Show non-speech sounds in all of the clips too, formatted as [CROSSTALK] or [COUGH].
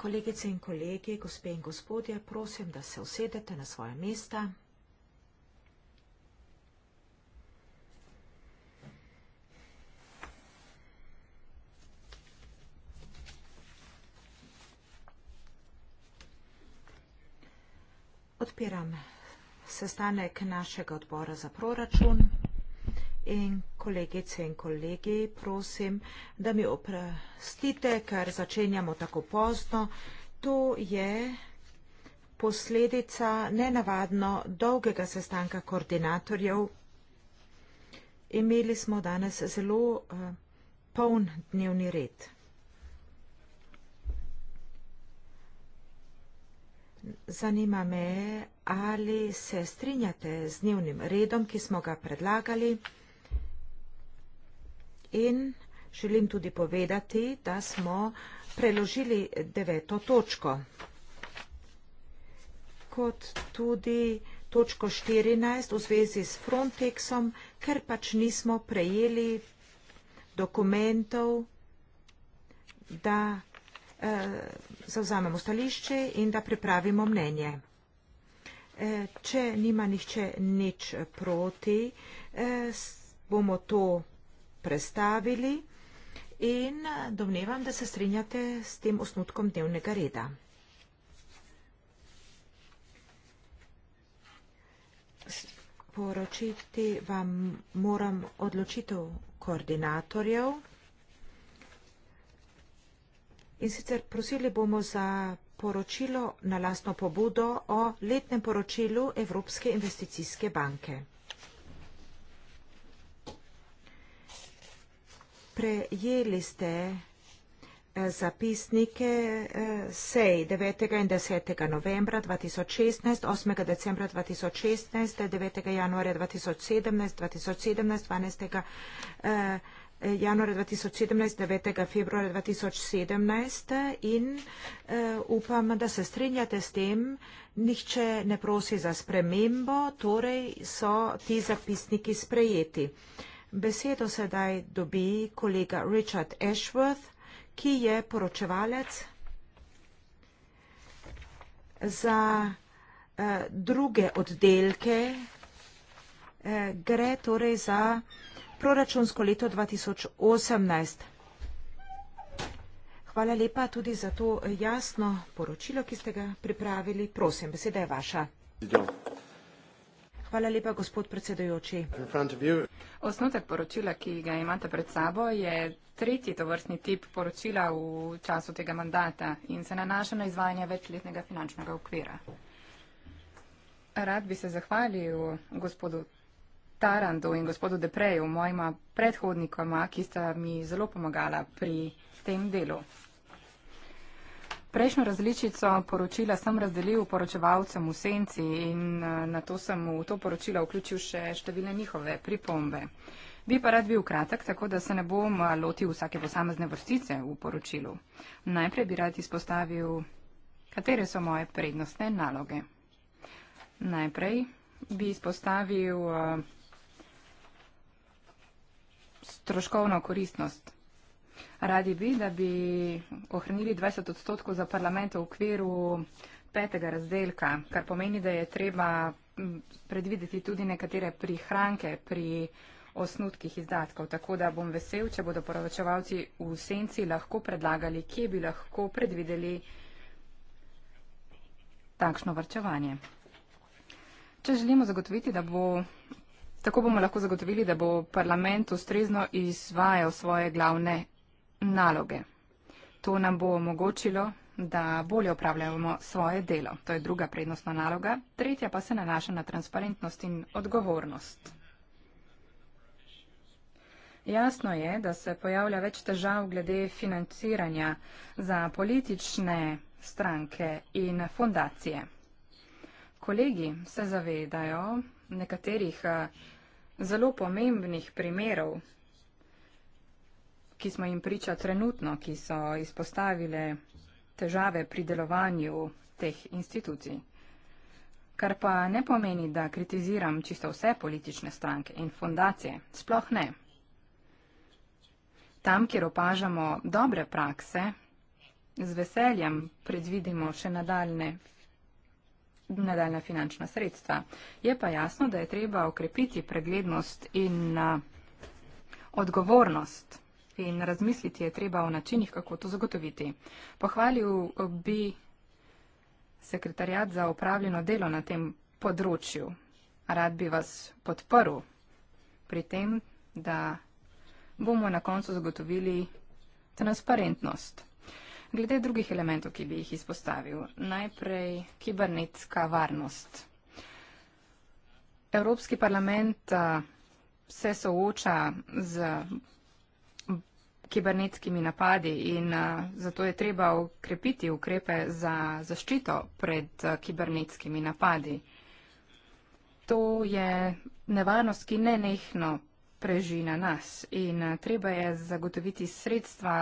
Kolegice in kolegi, gospe in gospodje, prosim, da se usedete na svoje mesta. Odpiram sestanek našega odbora za proračun. In kolegice in kolegi, prosim, da mi oprostite, ker začenjamo tako pozno. To je posledica nenavadno dolgega sestanka koordinatorjev. Imeli smo danes zelo uh, poln dnevni red. Zanima me, ali se strinjate z dnevnim redom, ki smo ga predlagali in želim tudi povedati, da smo preložili deveto točko. Kot tudi točko 14 v zvezi s Frontexom, ker pač nismo prejeli dokumentov, da eh, zavzamemo stališče in da pripravimo mnenje. Eh, če nima nihče nič proti, eh, bomo to predstavili in eh, domnevam, da se strinjate s tem osnutkom dnevnega reda. Poročiti vam moram odločitev koordinatorjev. In sicer prosili bomo za poročilo na lastno pobudo o letnem poročilu Evropske investicijske banke. prejeli ste eh, zapisnike eh, sej 9. in 10. novembra 2016, 8. decembra 2016, 9. januarja 2017, 2017, 12. januarja 2017, 9. februarja 2017 in eh, upam, da se strinjate s tem, nihče ne prosi za spremembo, torej so ti zapisniki sprejeti. Besedo sedaj dobi kolega Richard Ashworth, ki je poročevalec za eh, druge oddelke. Eh, gre torej za proračunsko leto 2018. Hvala lepa tudi za to jasno poročilo, ki ste ga pripravili. Prosim, beseda je vaša. Zdaj. Ja. Hvala lepa, gospod predsedujoči. Osnotek poročila, ki ga imate pred sabo, je tretji tovrstni tip poročila v času tega mandata in se nanaša na izvajanje večletnega finančnega okvira. Rad bi se zahvalil gospodu Tarandu in gospodu Depreju, mojima predhodnikoma, ki sta mi zelo pomagala pri tem delu. Prejšnjo različico poročila sem razdelil poročevalcem v senci in eh, na to sem v to poročilo vključil še številne njihove pripombe. Bi pa rad bil kratek, tako da se ne bom eh, lotil vsake posamezne vrstice v poročilu. Najprej bi rad izpostavil, katere so moje prednostne naloge. Najprej bi izpostavil uh, stroškovno koristnost Radi bi, da bi ohranili 20 odstotkov za parlament v okviru petega razdelka, kar pomeni, da je treba predvideti tudi nekatere prihranke pri osnutkih izdatkov. Tako da bom vesel, če bodo poročevalci v senci lahko predlagali, kje bi lahko predvideli takšno vrčevanje. Če želimo zagotoviti, da bo. Tako bomo lahko zagotovili, da bo parlament ustrezno izvajal svoje glavne naloge. To nam bo omogočilo, da bolje upravljamo svoje delo. To je druga prednostna naloga. Tretja pa se nanaša na transparentnost in odgovornost. Jasno je, da se pojavlja več težav glede financiranja za politične stranke in fondacije. Kolegi se zavedajo nekaterih eh, zelo pomembnih primerov ki smo jim priča trenutno, ki so izpostavile težave pri delovanju teh institucij. Kar pa ne pomeni, da kritiziram čisto vse politične stranke in fondacije. Sploh ne. Tam, kjer opažamo dobre prakse, z veseljem predvidimo še nadaljne, nadaljna finančna sredstva. Je pa jasno, da je treba okrepiti preglednost in uh, odgovornost in razmisliti je treba o načinih, kako to zagotoviti. Pohvalil eh, bi sekretarjat za upravljeno delo na tem področju. Rad bi vas podporil pri tem, da bomo na koncu zagotovili transparentnost. Glede drugih elementov, ki bi jih izpostavil, najprej kibernetska varnost. Evropski parlament eh, se sooča z kibernetskimi napadi in eh, zato je treba ukrepiti ukrepe za zaščito pred eh, kibernetskimi napadi. To je nevarnost, ki nenehno preži na nas in eh, treba je zagotoviti sredstva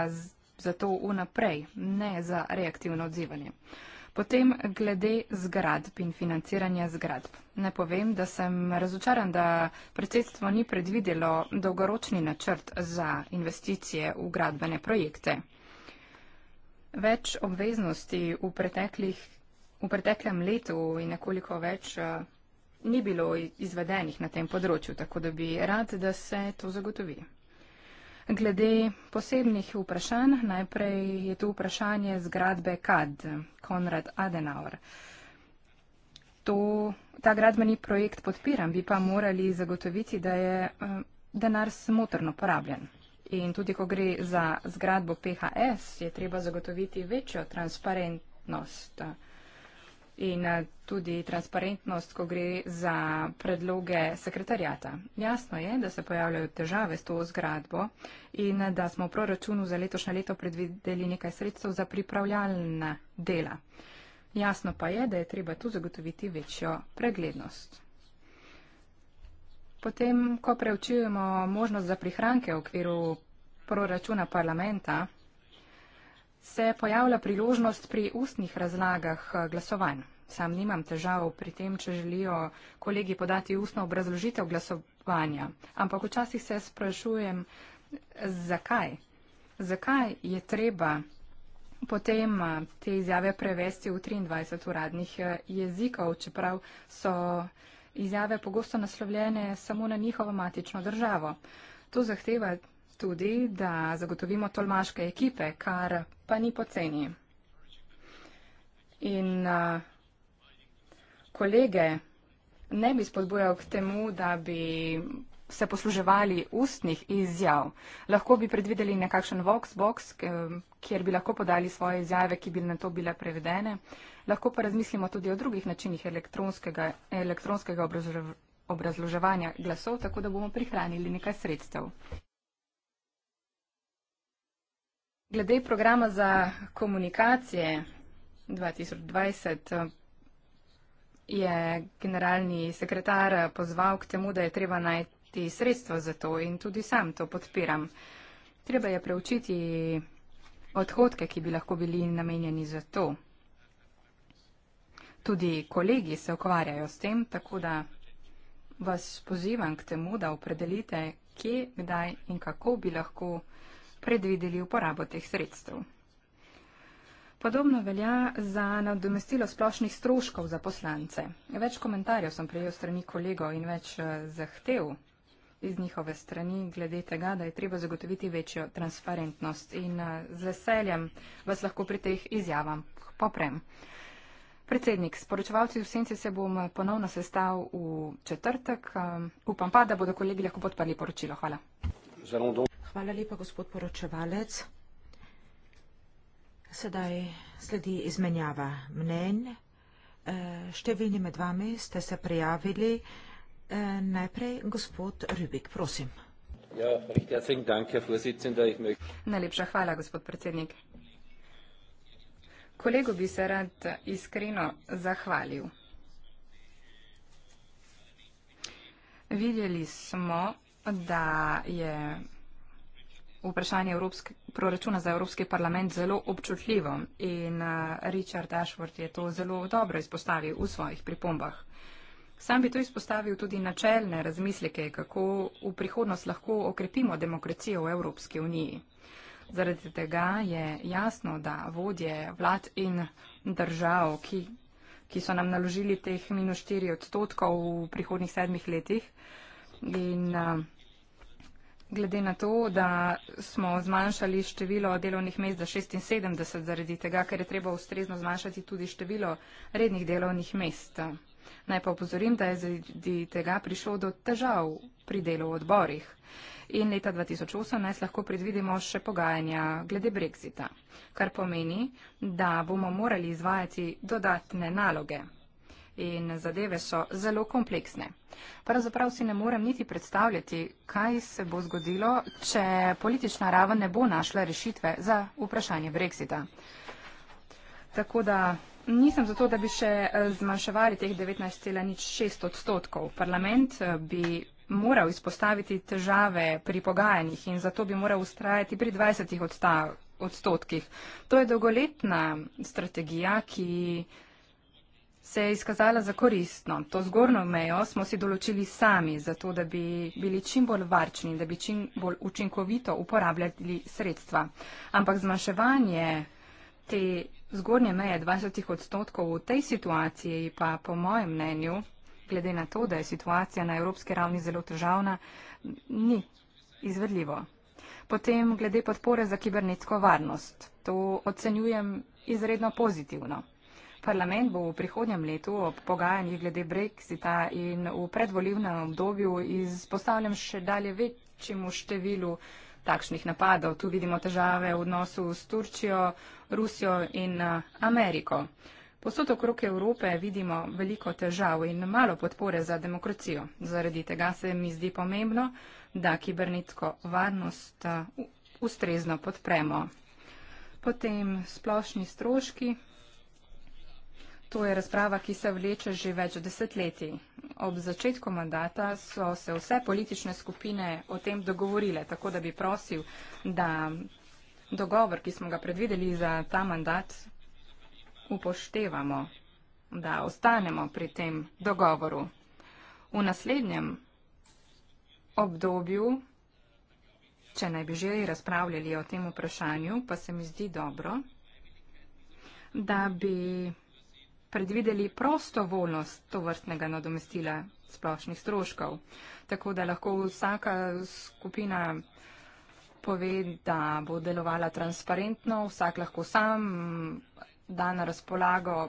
za to unaprej, ne za reaktivno odzivanje. Potem glede zgradb in financiranja zgradb. Ne povem, da sem razočaran, da predsedstvo ni predvidelo dolgoročni načrt za investicije v gradbene projekte. Več obveznosti v, preteklih, v preteklem letu in nekoliko več eh, ni bilo izvedenih na tem področju, tako da bi rad, da se to zagotovi. Glede posebnih vprašanj, najprej je tu vprašanje zgradbe KAD, Konrad Adenauer. To, ta gradbeni projekt podpiram, bi pa morali zagotoviti, da je eh, denar smotrno porabljen. In tudi, ko gre za zgradbo PHS, je treba zagotoviti večjo transparentnost in eh, tudi transparentnost, ko gre za predloge sekretarjata. Jasno je, da se pojavljajo težave s to zgradbo in eh, da smo v proračunu za letošnje leto predvideli nekaj sredstev za pripravljalna dela. Jasno pa je, da je treba tu zagotoviti večjo preglednost. Potem, ko preučujemo možnost za prihranke v okviru proračuna parlamenta, se pojavlja priložnost pri ustnih razlagah eh, glasovanj. Sam nimam težav pri tem, če želijo kolegi podati ustno obrazložitev glasovanja, ampak včasih se sprašujem, zakaj. Zakaj je treba potem eh, te izjave prevesti v 23 uradnih eh, jezikov, čeprav so izjave pogosto naslovljene samo na njihovo matično državo. To zahteva tudi, da zagotovimo tolmaške ekipe, kar pa ni poceni. In kolege ne bi spodbujal k temu, da bi se posluževali ustnih izjav. Lahko bi predvideli nekakšen voxbox, kjer bi lahko podali svoje izjave, ki bi na to bile prevedene. Lahko pa razmislimo tudi o drugih načinih elektronskega, elektronskega obrazloževanja glasov, tako da bomo prihranili nekaj sredstev. Glede programa za komunikacije 2020 je generalni sekretar pozval k temu, da je treba najti sredstvo za to in tudi sam to podpiram. Treba je preučiti odhodke, ki bi lahko bili namenjeni za to. Tudi kolegi se ukvarjajo s tem, tako da vas pozivam k temu, da opredelite, kje, kdaj in kako bi lahko predvideli uporabo teh sredstev. Podobno velja za nadomestilo splošnih stroškov za poslance. Več komentarjev sem prejel strani kolegov in več eh, zahtev iz njihove strani glede tega, da je treba zagotoviti večjo transparentnost in eh, z veseljem vas lahko pri teh izjavah poprem. Predsednik, s poročevalci v senci se bom eh, ponovno sestal v četrtek. Upam pa, da bodo kolegi lahko podprli poročilo. Hvala. Zelo dobro. Hvala lepa, gospod poročevalec. Sedaj sledi izmenjava mnenj. Eh, številni med vami ste se prijavili. Eh, najprej gospod Rubik, prosim. Ja, Najlepša hvala, gospod predsednik. Kolego bi se rad iskreno zahvalil. Videli smo, da je vprašanje Evropske, proračuna za Evropski parlament zelo občutljivo in eh, Richard Ashworth je to zelo dobro izpostavil v svojih pripombah. Sam bi to izpostavil tudi načelne razmislike, kako v prihodnost lahko okrepimo demokracijo v Evropski uniji. Zaradi tega je jasno, da vodje vlad in držav, ki, ki so nam naložili teh minus 4 odstotkov v prihodnih sedmih letih in uh, Glede na to, da smo zmanjšali število delovnih mest za 76 zaradi tega, ker je treba ustrezno zmanjšati tudi število rednih delovnih mest. Naj pa opozorim, da je zaradi tega prišlo do težav pri delu v odborih. In leta 2018 lahko predvidimo še pogajanja glede Brexita, kar pomeni, da bomo morali izvajati dodatne naloge in zadeve so zelo kompleksne. Pravzaprav si ne morem niti predstavljati, kaj se bo zgodilo, če politična raven ne bo našla rešitve za vprašanje Brexita. Tako da nisem zato, da bi še eh, zmanjševali teh 19,6 odstotkov. Parlament eh, bi moral izpostaviti težave pri pogajanjih in zato bi moral ustrajati pri 20 odstotkih. To je dolgoletna strategija, ki se je izkazala za koristno. To zgornjo mejo smo si določili sami, zato da bi bili čim bolj varčni, da bi čim bolj učinkovito uporabljali sredstva. Ampak zmanjševanje te zgornje meje 20 odstotkov v tej situaciji pa po mojem mnenju, glede na to, da je situacija na evropski ravni zelo težavna, ni izvedljivo. Potem glede podpore za kibernetsko varnost. To ocenjujem izredno pozitivno. Parlament bo v prihodnjem letu ob pogajanjih glede Brexita in v predvolivnem obdobju izpostavljen še dalje večjemu številu takšnih napadov. Tu vidimo težave v odnosu s Turčijo, Rusijo in eh, Ameriko. Posod okrog Evrope vidimo veliko težav in malo podpore za demokracijo. Zaradi tega se mi zdi pomembno, da kibernetsko varnost eh, ustrezno podpremo. Potem splošni stroški, To je razprava, ki se vleče že več desetletij. Ob začetku mandata so se vse politične skupine o tem dogovorile, tako da bi prosil, da dogovor, ki smo ga predvideli za ta mandat, upoštevamo, da ostanemo pri tem dogovoru. V naslednjem obdobju, če naj bi že razpravljali o tem vprašanju, pa se mi zdi dobro, da bi predvideli prostovoljnost tovrstnega nadomestila splošnih stroškov, tako da lahko vsaka skupina pove, da bo delovala transparentno, vsak lahko sam da na razpolago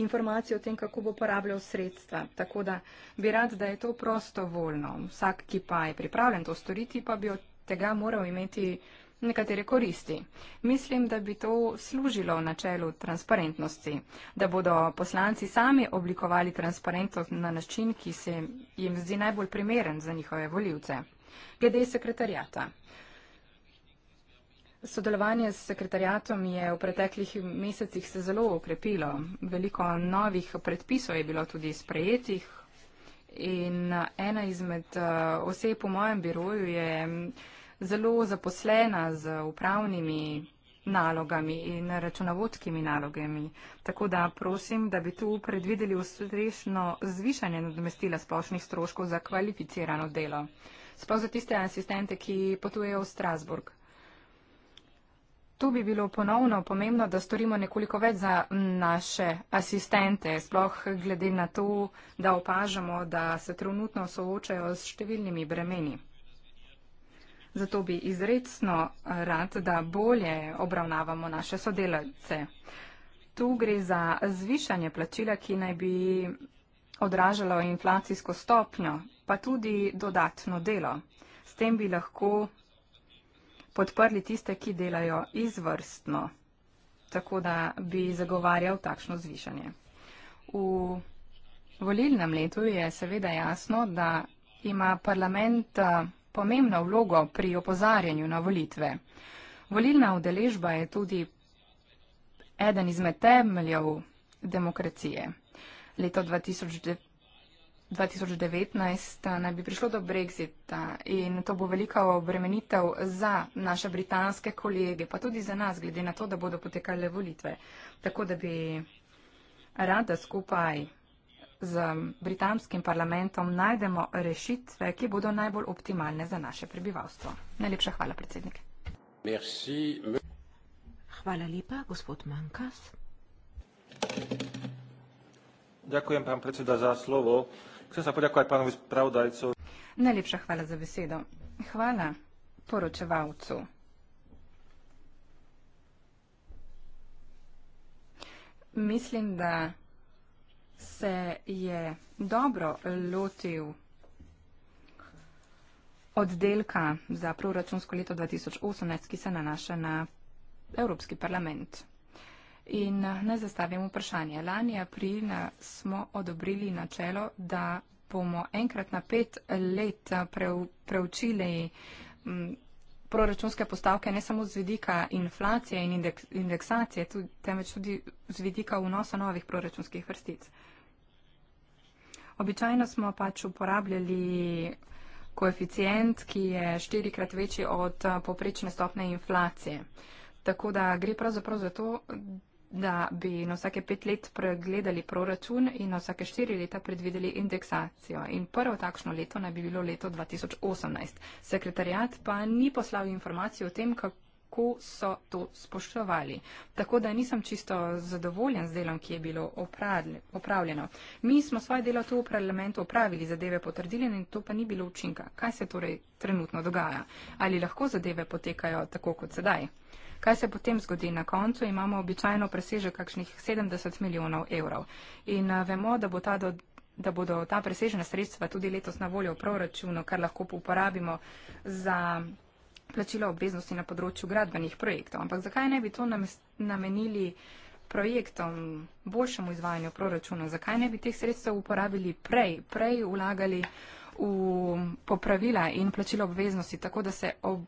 informacije o tem, kako bo uporabljal sredstva. Tako da bi rad, da je to prostovoljno. Vsak, ki pa je pripravljen to storiti, pa bi od tega moral imeti nekatere koristi. Mislim, da bi to služilo v načelu transparentnosti, da bodo poslanci sami oblikovali transparentnost na način, ki se jim zdi najbolj primeren za njihove voljivce. Glede sekretarjata. Sodelovanje s sekretarjatom je v preteklih mesecih se zelo okrepilo. Veliko novih predpisov je bilo tudi sprejetih. In ena izmed eh, oseb v mojem biroju je zelo zaposlena z upravnimi nalogami in računovodskimi nalogami. Tako da prosim, da bi tu predvideli ustrešno zvišanje nadomestila splošnih stroškov za kvalificirano delo. Sploh za tiste asistente, ki potujejo v Strasburg. Tu bi bilo ponovno pomembno, da storimo nekoliko več za naše asistente, sploh glede na to, da opažamo, da se trenutno soočajo s številnimi bremeni. Zato bi izredno rad, da bolje obravnavamo naše sodelavce. Tu gre za zvišanje plačila, ki naj bi odražalo inflacijsko stopnjo, pa tudi dodatno delo. S tem bi lahko podprli tiste, ki delajo izvrstno, tako da bi zagovarjal takšno zvišanje. V volilnem letu je seveda jasno, da ima parlament pomembno vlogo pri opozarjanju na volitve. Volilna udeležba je tudi eden izmed temeljev demokracije. Leto 2019 naj bi prišlo do brexita in to bo velika obremenitev za naše britanske kolege, pa tudi za nas, glede na to, da bodo potekale volitve. Tako da bi rada skupaj z britanskim parlamentom najdemo rešitve, ki bodo najbolj optimalne za naše prebivalstvo. Najlepša hvala, predsednik. Merci. Hvala lepa, gospod Mankas. Dakujem, pan predseda, za slovo. Chcem sa poďakovať pánu spravodajcu. Najlepša hvala za besedo. Hvala poročevalcu. Mislim, da se je dobro lotil oddelka za proračunsko leto 2018, ki se nanaša na Evropski parlament. In naj zastavim vprašanje. Lani aprila smo odobrili načelo, da bomo enkrat na pet let preučili mm, proračunske postavke ne samo z vidika inflacije in indeksacije, temveč tudi z vidika vnosa novih proračunskih vrstic. Običajno smo pač uporabljali koeficient, ki je štirikrat večji od eh, poprečne stopne inflacije. Tako da gre pravzaprav za to, da bi na vsake pet let pregledali proračun in na vsake štiri leta predvideli indeksacijo. In prvo takšno leto naj bi bilo leto 2018. Sekretarjat pa ni poslal informacije o tem, kako kako so to spoštovali. Tako da nisem čisto zadovoljen z delom, ki je bilo opravljeno. Mi smo svoje delo tu v parlamentu opravili, zadeve potrdili in to pa ni bilo učinka. Kaj se torej trenutno dogaja? Ali lahko zadeve potekajo tako kot sedaj? Kaj se potem zgodi na koncu? Imamo običajno presežek kakšnih 70 milijonov evrov. In eh, vemo, da, bo ta do, da bodo ta presežena sredstva tudi letos na voljo v proračunu, kar lahko uporabimo za plačila obveznosti na področju gradbenih projektov. Ampak zakaj ne bi to namenili projektom, boljšemu izvajanju proračuna? Zakaj ne bi teh sredstev uporabili prej, prej vlagali v popravila in plačila obveznosti, tako da se ob,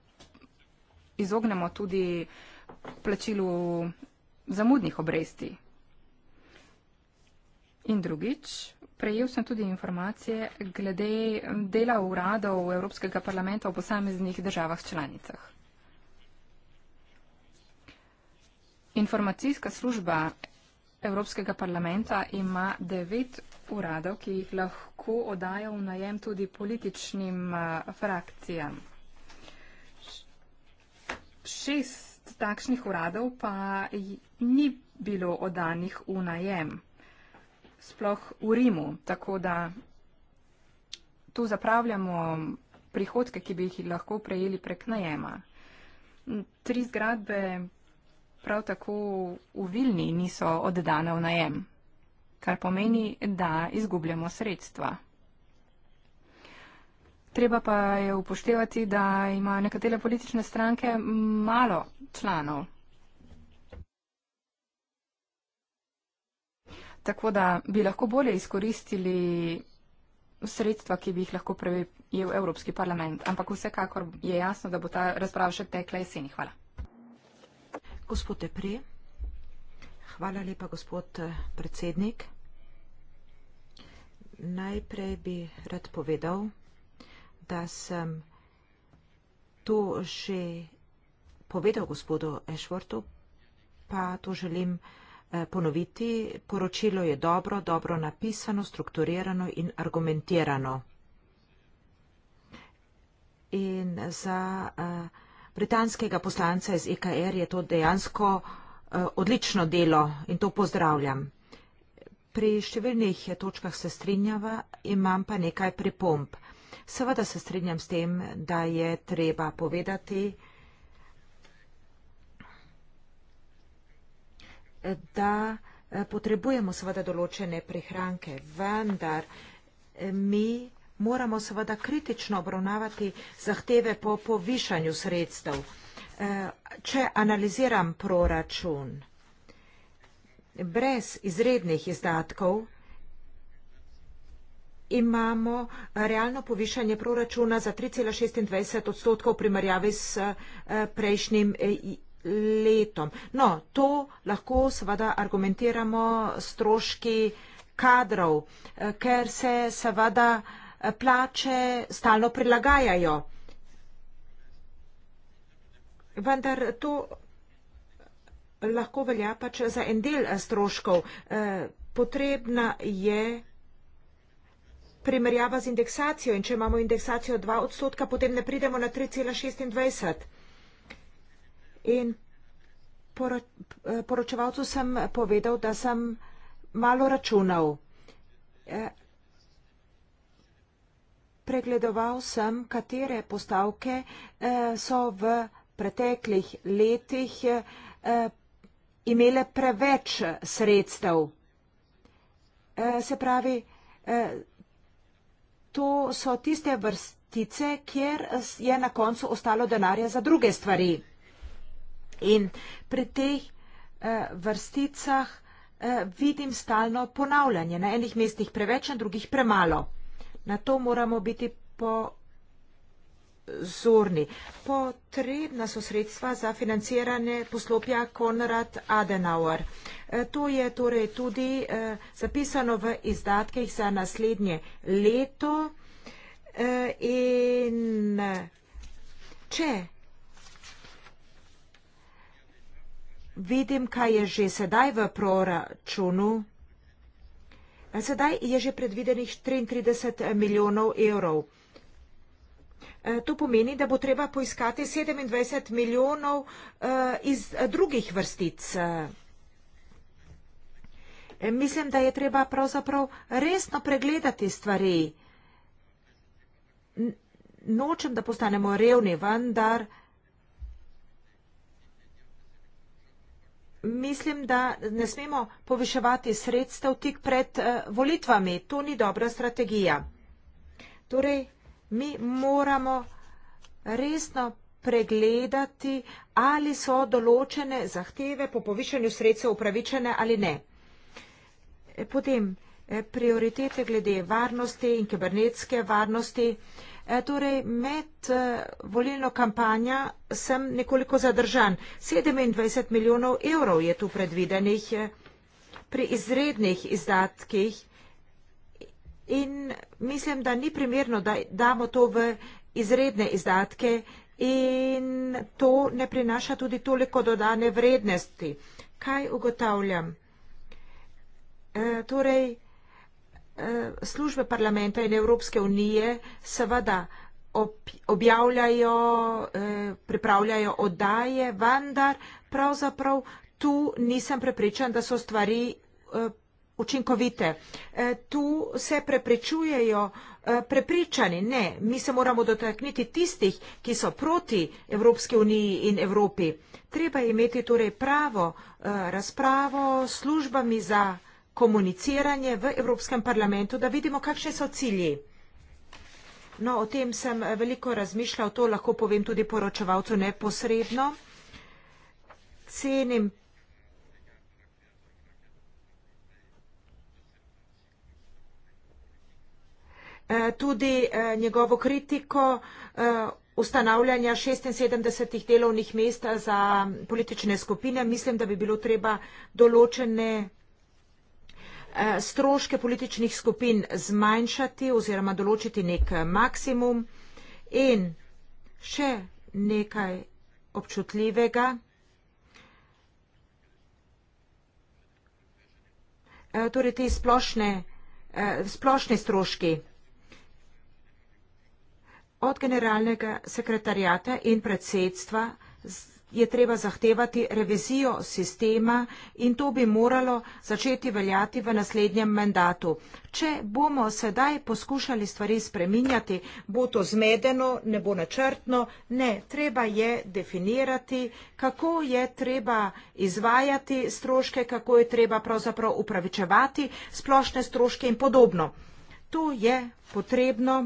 izognemo tudi plačilu zamudnih obresti? In drugič, Prejel sem tudi informacije glede dela uradov Evropskega parlamenta v posameznih državah članicah. Informacijska služba Evropskega parlamenta ima devet uradov, ki jih lahko odaja v najem tudi političnim frakcijam. Šest takšnih uradov pa ni bilo odanih v najem sploh v Rimu. Tako da tu zapravljamo prihodke, ki bi jih lahko prejeli prek najema. Tri zgradbe prav tako v Vilni niso oddane v najem, kar pomeni, da izgubljamo sredstva. Treba pa je upoštevati, da ima nekatere politične stranke malo članov Tako da bi lahko bolje izkoristili sredstva, ki bi jih lahko prejel Evropski parlament. Ampak vsekakor je jasno, da bo ta razprava še tekla jeseni. Hvala. Gospod Epri. Hvala lepa, gospod eh, predsednik. Najprej bi rad povedal, da sem to že povedal gospodu Ešvortu, pa to želim uh, Eh, ponoviti, poročilo je dobro, dobro napisano, strukturirano in argumentirano. In za eh, britanskega poslanca iz EKR je to dejansko eh, odlično delo in to pozdravljam. Pri številnih točkah se strinjava, imam pa nekaj pripomp. Seveda se strinjam s tem, da je treba povedati, da je treba povedati, da eh, potrebujemo seveda določene prihranke, vendar eh, mi moramo seveda kritično obravnavati zahteve po povišanju sredstev. Eh, če analiziram proračun, brez izrednih izdatkov imamo realno povišanje proračuna za 3,26 odstotkov primerjavi s prejšnjim letom. No, to lahko seveda argumentiramo stroški kadrov, eh, ker se seveda eh, plače stalno prilagajajo. Vendar to eh, lahko velja pač za en del stroškov. Potrebna je primerjava z indeksacijo in če imamo indeksacijo 2 odstotka, potem ne pridemo na 3,26. In poro, poročevalcu sem povedal, da sem malo računal. E, pregledoval sem, katere postavke e, so v preteklih letih e, imele preveč sredstev. Se pravi, to so tiste vrstice, kjer je na koncu ostalo denarja za druge stvari. In pri teh eh, vrsticah eh, vidim stalno ponavljanje. Na enih mestih preveč, na drugih premalo. Na to moramo biti pozorni. Potrebna so sredstva za financiranje poslopja Konrad Adenauer. Eh, to je torej tudi eh, zapisano v izdatkih za naslednje leto. Eh, in če Vidim, kaj je že sedaj v proračunu. Sedaj je že predvidenih 33 milijonov evrov. E, to pomeni, da bo treba poiskati 27 milijonov e, iz drugih vrstic. E, mislim, da je treba pravzaprav resno pregledati stvari. Nočem, da postanemo revni, vendar mislim, da ne smemo poviševati sredstev tik pred eh, volitvami. To ni dobra strategija. Torej, mi moramo resno pregledati, ali so določene zahteve po povišanju sredstev upravičene ali ne. Eh, potem, eh, prioritete glede varnosti in kibernetske varnosti. Eh, torej, med eh, volilno kampanjo sem nekoliko zadržan. 27 milijonov evrov je tu predvidenih eh, pri izrednih izdatkih in mislim, da ni primerno, da damo to v izredne izdatke in to ne prinaša tudi toliko dodane vrednosti. Kaj ugotavljam? Torej, Eh, službe parlamenta in Evropske unije seveda objavljajo, eh, pripravljajo oddaje, vendar pravzaprav tu nisem prepričan, da so stvari eh, učinkovite. Tu se prepričujejo prepričani, ne, mi se moramo dotakniti tistih, ki so proti Evropske uniji in Evropi. Treba imeti torej pravo razpravo s službami za parlamenta, komuniciranje v Evropskem parlamentu, da vidimo, kakšne so cilji. No, o tem sem veliko razmišljal, to lahko povem tudi poročevalcu neposredno. Cenim eh, tudi eh, njegovo kritiko eh, ustanavljanja 76 delovnih mest za politične skupine. Mislim, da bi bilo treba določene Eh, stroške političnih skupin zmanjšati oziroma določiti nek eh, maksimum in še nekaj občutljivega. Eh, torej, te splošne, splošne stroški od generalnega sekretarjata in predsedstva je treba zahtevati revizijo sistema in to bi moralo začeti veljati v naslednjem mandatu. Če bomo sedaj poskušali stvari spreminjati, bo to zmedeno, ne bo načrtno, ne, treba je definirati, kako je treba izvajati stroške, kako je treba pravzaprav upravičevati splošne stroške in podobno. To je potrebno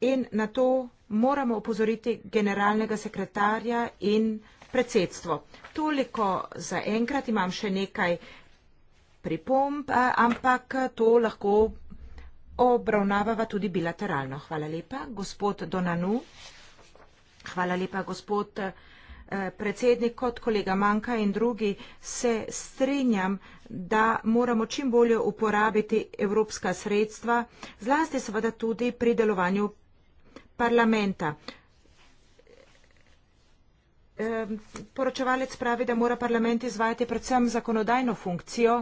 in na to moramo opozoriti generalnega sekretarja in predsedstvo. Toliko za enkrat, imam še nekaj pripomb, eh, ampak to lahko obravnavava tudi bilateralno. Hvala lepa, gospod Donanu. Hvala lepa, gospod eh, predsednik, kot kolega Manka in drugi se strinjam, da moramo čim bolje uporabiti evropska sredstva, zlasti seveda tudi pri delovanju parlamenta. Poročevalec pravi, da mora parlament izvajati predvsem zakonodajno funkcijo,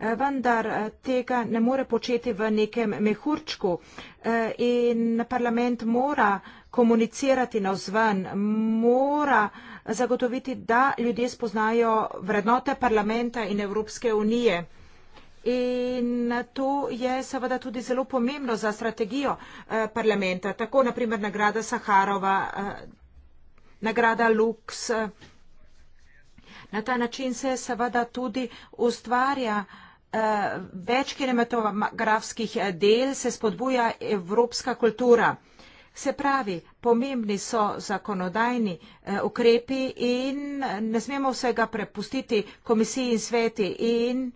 e, vendar e, tega ne more početi v nekem mehurčku e, in parlament mora komunicirati na vzven, mora zagotoviti, da ljudje spoznajo vrednote parlamenta in Evropske unije. In to je seveda tudi zelo pomembno za strategijo eh, parlamenta. Tako naprimer nagrada Saharova, eh, nagrada Lux. Eh. Na ta način se seveda tudi ustvarja več kinematografskih del, se spodbuja evropska kultura. Se pravi, pomembni so zakonodajni ukrepi in ne smemo vsega prepustiti komisiji in sveti in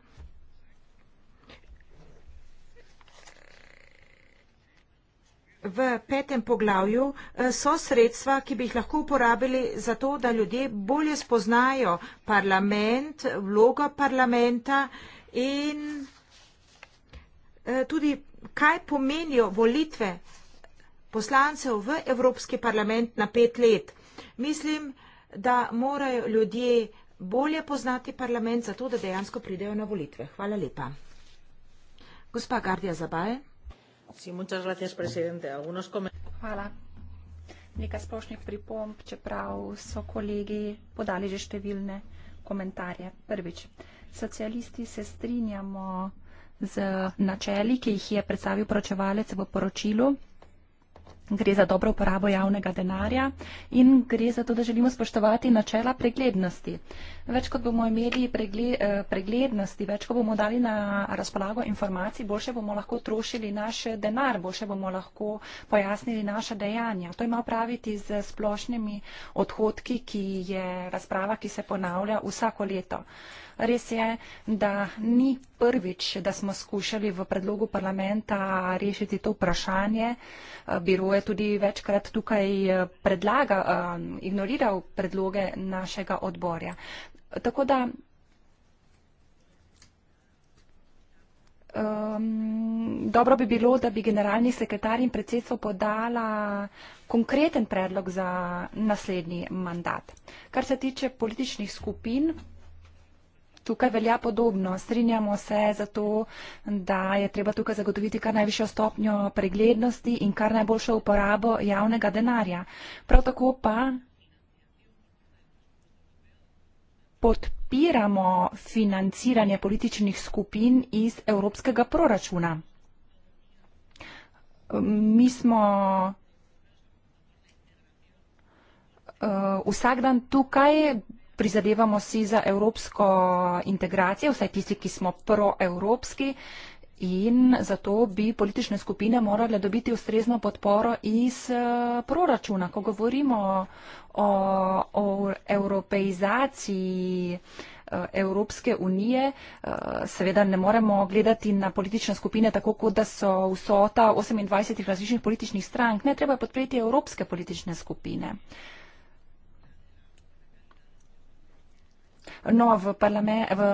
v petem poglavju eh, so sredstva, ki bi jih lahko uporabili za to, da ljudje bolje spoznajo parlament, vlogo parlamenta in eh, tudi, kaj pomenijo volitve poslancev v Evropski parlament na pet let. Mislim, da morajo ljudje bolje poznati parlament za to, da dejansko pridejo na volitve. Hvala lepa. Gospa Gardija Zabaje. Sí, muchas gracias, presidente. Algunos comentarios. Hola. Nekaj splošnih pripomb, čeprav so kolegi podali že številne komentarje. Prvič, socialisti se strinjamo z načeli, ki jih je predstavil poročevalec v poročilu gre za dobro uporabo javnega denarja in gre za to, da želimo spoštovati načela preglednosti. Več kot bomo imeli eh, preglednosti, več kot bomo dali na razpolago informacij, boljše bomo lahko trošili naš denar, boljše bomo lahko pojasnili naša dejanja. To ima praviti z splošnimi odhodki, ki je razprava, ki se ponavlja vsako leto. Res je, da ni prvič, da smo skušali v predlogu parlamenta rešiti to vprašanje. Biro je tudi večkrat tukaj eh, predlaga, eh, ignoriral predloge našega odborja. Tako da. Um, dobro bi bilo, da bi generalni sekretar in predsedstvo podala konkreten predlog za naslednji mandat. Kar se tiče političnih skupin, tukaj velja podobno. Strinjamo se za to, da je treba tukaj zagotoviti kar najvišjo stopnjo preglednosti in kar najboljšo uporabo javnega denarja. Prav tako pa podpiramo financiranje političnih skupin iz evropskega proračuna. Mi smo uh, vsak dan tukaj, prizadevamo si za evropsko integracijo, vsaj tisti, ki smo proevropski. In zato bi politične skupine morale dobiti ustrezno podporo iz eh, proračuna. Ko govorimo o, o evropeizaciji eh, Evropske unije, eh, seveda ne moremo gledati na politične skupine tako, kot da so vsota 28 različnih političnih strank. Ne treba podpreti evropske politične skupine. No, v, v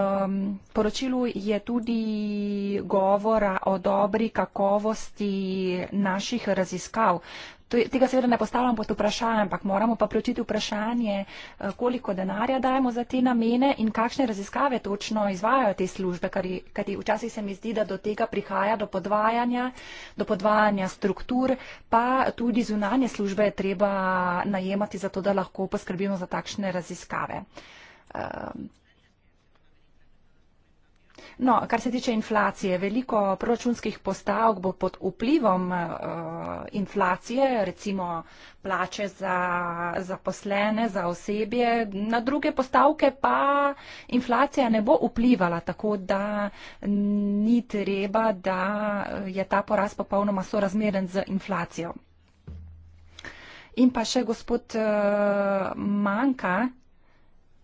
poročilu je tudi govora o dobri kakovosti naših raziskav. Tega seveda ne postavljam pod vprašanje, ampak moramo pa pročiti vprašanje, eh, koliko denarja dajemo za te namene in kakšne raziskave točno izvajajo te službe, kajti včasih se mi zdi, da do tega prihaja do podvajanja, do podvajanja struktur, pa tudi zunanje službe je treba najemati za to, da lahko poskrbimo za takšne raziskave. Ehm. No, kar se tiče inflacije, veliko proračunskih postavk bo pod vplivom uh, inflacije, recimo plače za zaposlene, za osebje, na druge postavke pa inflacija ne bo vplivala, tako da ni treba, da je ta poraz popolnoma sorazmeren z inflacijo. In pa še gospod uh, Manka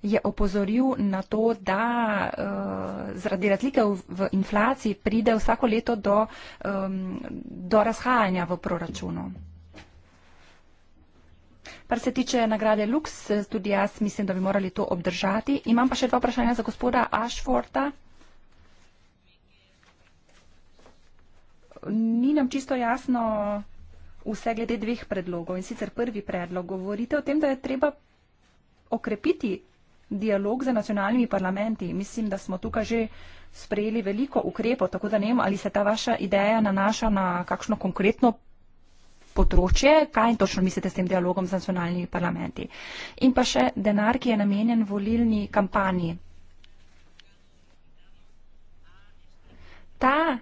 je opozoril na to, da uh, zaradi razlike v, v inflaciji pride vsako leto do, um, do razhajanja v proračunu. Kar se tiče nagrade Lux, tudi jaz mislim, da bi morali to obdržati. Imam pa še dva vprašanja za gospoda Ashforta. Ni nam čisto jasno vse glede dveh predlogov. In sicer prvi predlog govorite o tem, da je treba okrepiti dialog z nacionalnimi parlamenti. Mislim, da smo tukaj že sprejeli veliko ukrepov, tako da ne vem, ali se ta vaša ideja nanaša na kakšno konkretno področje, kaj točno mislite s tem dialogom z nacionalnimi parlamenti. In pa še denar, ki je namenjen volilni kampanji. Ta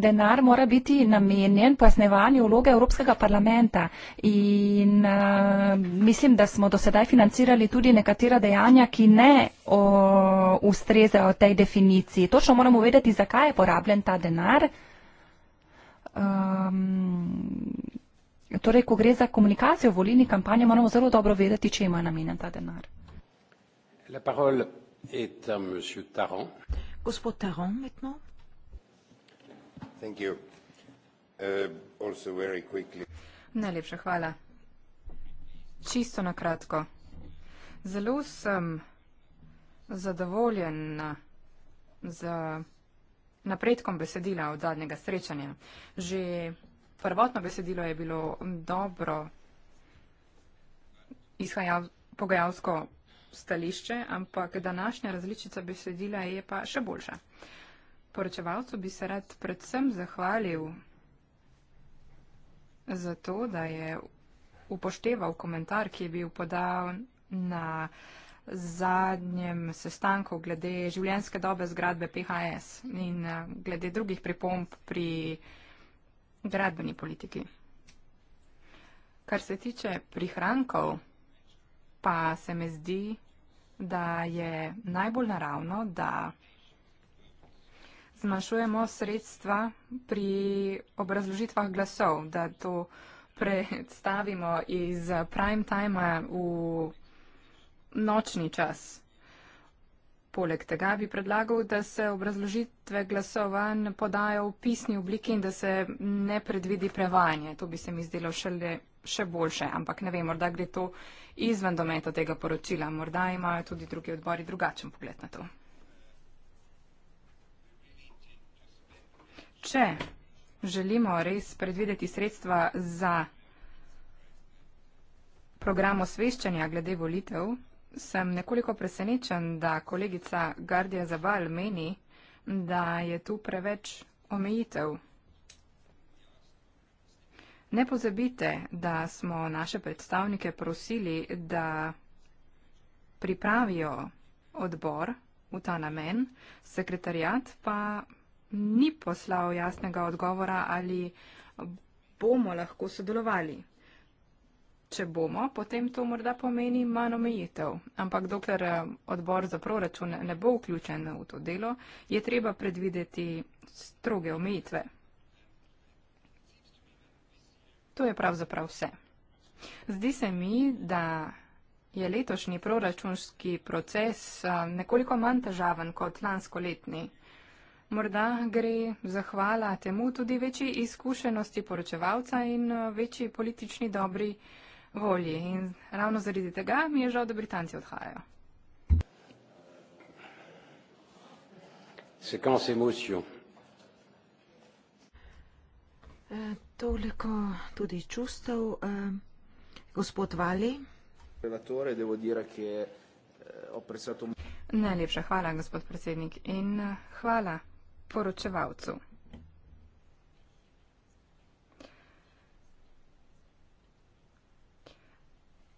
denar mora biti namenjen pojasnevanju vloge Evropskega parlamenta in uh, mislim, da smo do sedaj financirali tudi nekatera dejanja, ki ne o, ustrezajo tej definiciji. Točno moramo vedeti, zakaj je porabljen ta denar. Um, torej, ko gre za komunikacijo v volilni kampanji, moramo zelo dobro vedeti, če ima namenjen ta denar. Gospod Taron, med nami. Uh, Najlepša hvala. Čisto na kratko. Zelo sem zadovoljen z napredkom besedila od zadnjega srečanja. Že prvotno besedilo je bilo dobro izhajal, pogajalsko stališče, ampak današnja različica besedila je pa še boljša. Uh, poročevalcu bi se rad predvsem zahvalil za to, da je upošteval komentar, ki je bil podal na zadnjem sestanku glede življenske dobe zgradbe PHS in eh, glede drugih pripomb pri gradbeni politiki. Kar se tiče prihrankov, pa se mi zdi, da je najbolj naravno, da zmanjšujemo sredstva pri obrazložitvah glasov, da to predstavimo iz prime time v nočni čas. Poleg tega bi predlagal, da se obrazložitve glasovanj podajo v pisni obliki in da se ne predvidi prevajanje. To bi se mi zdelo šele, še boljše, ampak ne vem, morda gre to izven dometa tega poročila. Morda imajo tudi drugi odbori drugačen pogled na to. če želimo res predvideti sredstva za program osveščanja glede volitev, sem nekoliko presenečen, da kolegica Gardija Zabal meni, da je tu preveč omejitev. Ne pozabite, da smo naše predstavnike prosili, da pripravijo odbor v ta namen, sekretarjat pa ni poslal jasnega odgovora, ali bomo lahko sodelovali. Če bomo, potem to morda pomeni manj omejitev. Ampak dokler eh, odbor za proračun ne bo vključen v to delo, je treba predvideti stroge omejitve. To je pravzaprav vse. Zdi se mi, da je letošnji proračunski proces eh, nekoliko manj težaven kot lansko letni. Morda gre zahvala temu tudi večji izkušenosti poročevalca in eh, večji politični dobri volji. In ravno zaradi tega mi je žal, da Britanci odhajajo. Sekvence emocijo. E, toliko tudi čustev. E, gospod Vali. Relatore, devo dira, ki je eh, opresatom. Najlepša hvala, gospod predsednik. In hvala poročevalcu.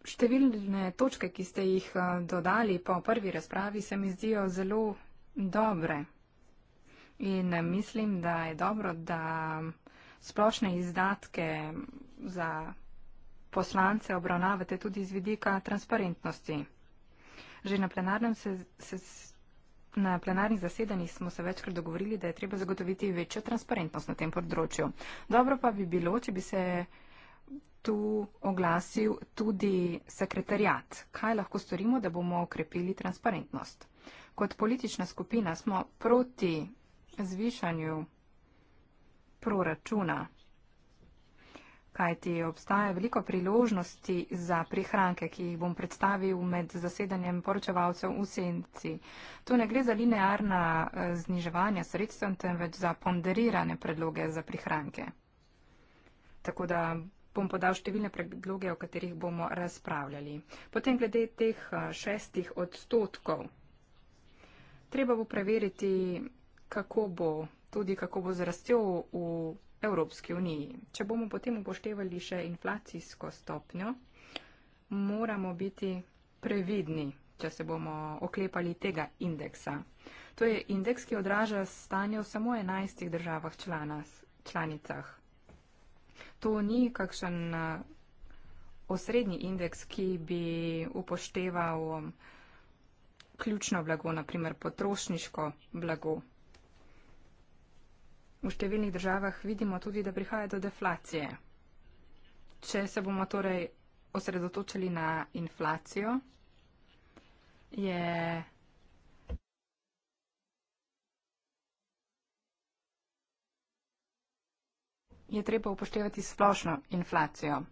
Številne točke, ki ste jih eh, dodali po prvi razpravi, se mi zdijo zelo dobre. In eh, mislim, da je dobro, da splošne izdatke za poslance obravnavate tudi z vidika transparentnosti. Že na plenarnem se, se Na plenarnih zasedanjih smo se večkrat dogovorili, da je treba zagotoviti večjo transparentnost na tem področju. Dobro pa bi bilo, če bi se tu oglasil tudi sekretarjat. Kaj lahko storimo, da bomo okrepili transparentnost? Kot politična skupina smo proti zvišanju proračuna kajti obstaja veliko priložnosti za prihranke, ki jih bom predstavil med zasedanjem poročevalcev v senci. Tu ne gre za linearna eh, zniževanja sredstev, temveč za ponderirane predloge za prihranke. Tako da bom podal številne predloge, o katerih bomo razpravljali. Potem glede teh eh, šestih odstotkov. Treba bo preveriti, kako bo, tudi kako bo zrastel v Evropski uniji. Če bomo potem upoštevali še inflacijsko stopnjo, moramo biti previdni, če se bomo oklepali tega indeksa. To je indeks, ki odraža stanje v samo 11 državah članas, članicah. To ni kakšen eh, osrednji indeks, ki bi upošteval ključno blago, naprimer potrošniško blago. V številnih državah vidimo tudi, da prihaja do deflacije. Če se bomo torej osredotočili na inflacijo, je. je treba upoštevati splošno inflacijo.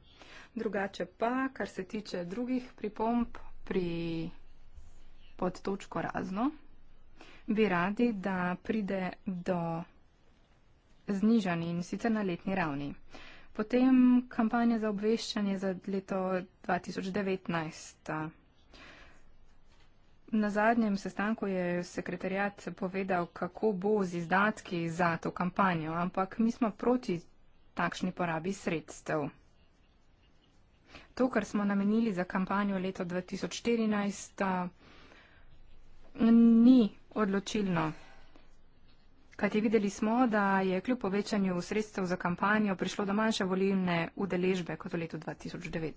Drugače pa, kar se tiče drugih pripomb pri podtočko razno, bi radi, da pride do znižani in sicer na letni ravni. Potem kampanja za obveščanje za leto 2019. Na zadnjem sestanku je sekretarjat povedal, kako bo z izdatki za to kampanjo, ampak mi smo proti takšni porabi sredstev. To, kar smo namenili za kampanjo leto 2014, ni odločilno. Kajti videli smo, da je kljub povečanju sredstev za kampanjo prišlo do manjše volilne udeležbe kot v letu 2009.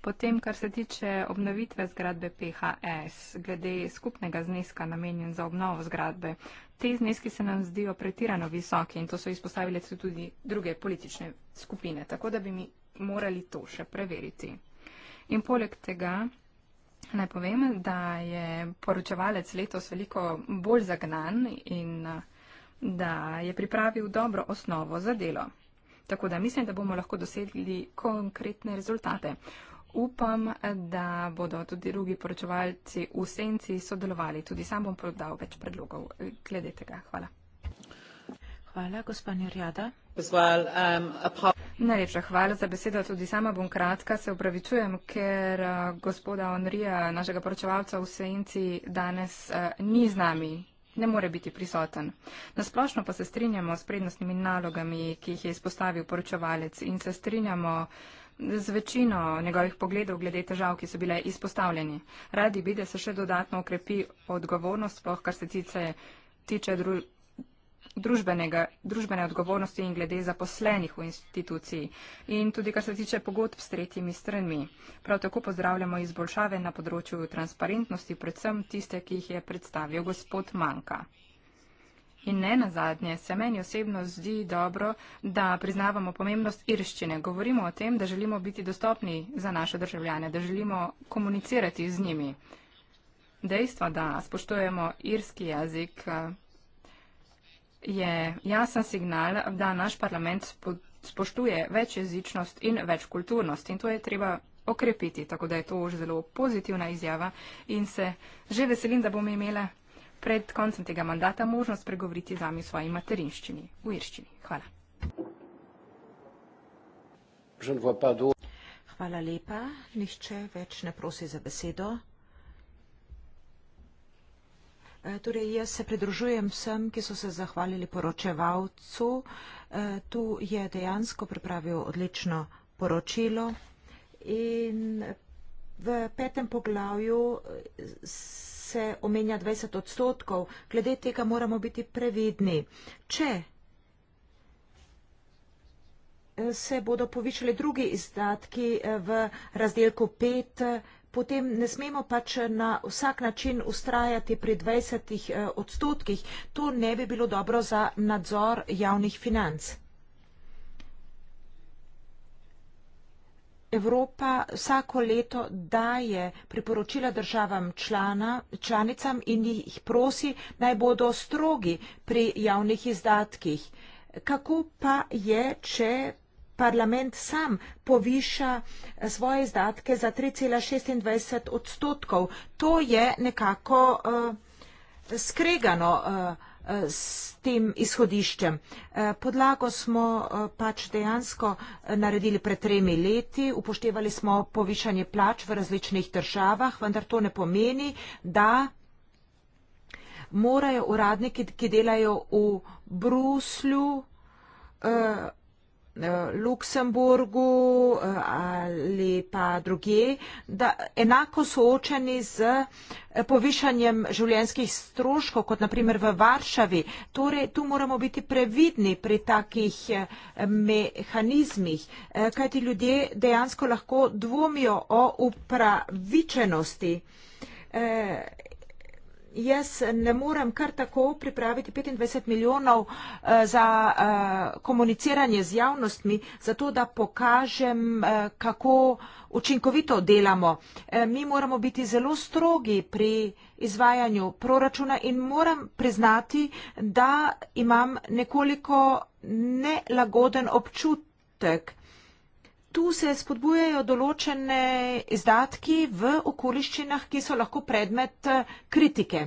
Potem, kar se tiče obnovitve zgradbe PHS, glede skupnega zneska namenjen za obnovo zgradbe, te zneski se nam zdijo pretirano visoki in to so izpostavile tudi druge politične skupine, tako da bi mi morali to še preveriti. In poleg tega naj povem, da je poročevalec letos veliko bolj zagnan in da je pripravil dobro osnovo za delo. Tako da mislim, da bomo lahko dosegli konkretne rezultate. Upam, da bodo tudi drugi poročevalci v senci sodelovali. Tudi sam bom podal več predlogov glede tega. Hvala. Hvala, gospod Nirjada. Well, um, Najlepša hvala za besedo. Tudi sama bom kratka. Se upravičujem, ker uh, gospoda Onrija, našega poročevalca v senci, danes uh, ni z nami ne more biti prisoten. Nasplošno pa se strinjamo s prednostnimi nalogami, ki jih je izpostavil poročevalec in se strinjamo z večino njegovih pogledov glede težav, ki so bile izpostavljeni. Radi bi, da se še dodatno ukrepi odgovornost, spoh, kar se tiče, tiče družbene odgovornosti in glede zaposlenih v instituciji in tudi kar se tiče pogodb s tretjimi stranmi. Prav tako pozdravljamo izboljšave na področju transparentnosti, predvsem tiste, ki jih je predstavil gospod Manka. In ne na zadnje, se meni osebno zdi dobro, da priznavamo pomembnost irščine. Govorimo o tem, da želimo biti dostopni za naše državljane, da želimo komunicirati z njimi. Dejstvo, da spoštujemo irski jezik, je jasen signal, da naš parlament spoštuje večjezičnost in večkulturnost in to je treba okrepiti, tako da je to už zelo pozitivna izjava in se že veselim, da bom imela pred koncem tega mandata možnost pregovoriti z vami v svoji materinščini, v irščini. Hvala. Hvala lepa. Nihče več ne prosi za besedo. Eh, torej, jaz se pridružujem vsem, ki so se zahvalili poročevalcu. Eh, tu je dejansko pripravil odlično poročilo. In v petem poglavju eh, se omenja 20 odstotkov. Glede tega moramo biti previdni. Če se bodo povišali drugi izdatki v razdelku 5, potem ne smemo pač na vsak način ustrajati pri 20 eh, odstotkih. To ne bi bilo dobro za nadzor javnih financ. Evropa vsako leto daje priporočila državam člana, članicam in jih prosi, naj bodo strogi pri javnih izdatkih. Kako pa je, če parlament sam poviša eh, svoje izdatke za 3,26 odstotkov. To je nekako uh, skregano uh, s tem izhodiščem. Uh, podlago smo uh, pač dejansko naredili pred tremi leti, upoštevali smo povišanje plač v različnih državah, vendar to ne pomeni, da morajo uradniki, ki delajo v Bruslju, uh, Luksemburgu eh, ali pa druge, da enako soočeni z eh, povišanjem življenskih stroškov, kot naprimer v Varšavi. Torej, tu moramo biti previdni pri takih eh, mehanizmih, kajti ljudje dejansko lahko dvomijo o upravičenosti jaz ne morem kar tako pripraviti 25 milijonov eh, za eh, komuniciranje z javnostmi, zato da pokažem, eh, kako učinkovito delamo. Mi moramo biti zelo strogi pri izvajanju proračuna in moram priznati, da imam nekoliko nelagoden občutek Tu se spodbujajo določene izdatki v okoliščinah, ki so lahko predmet eh, kritike.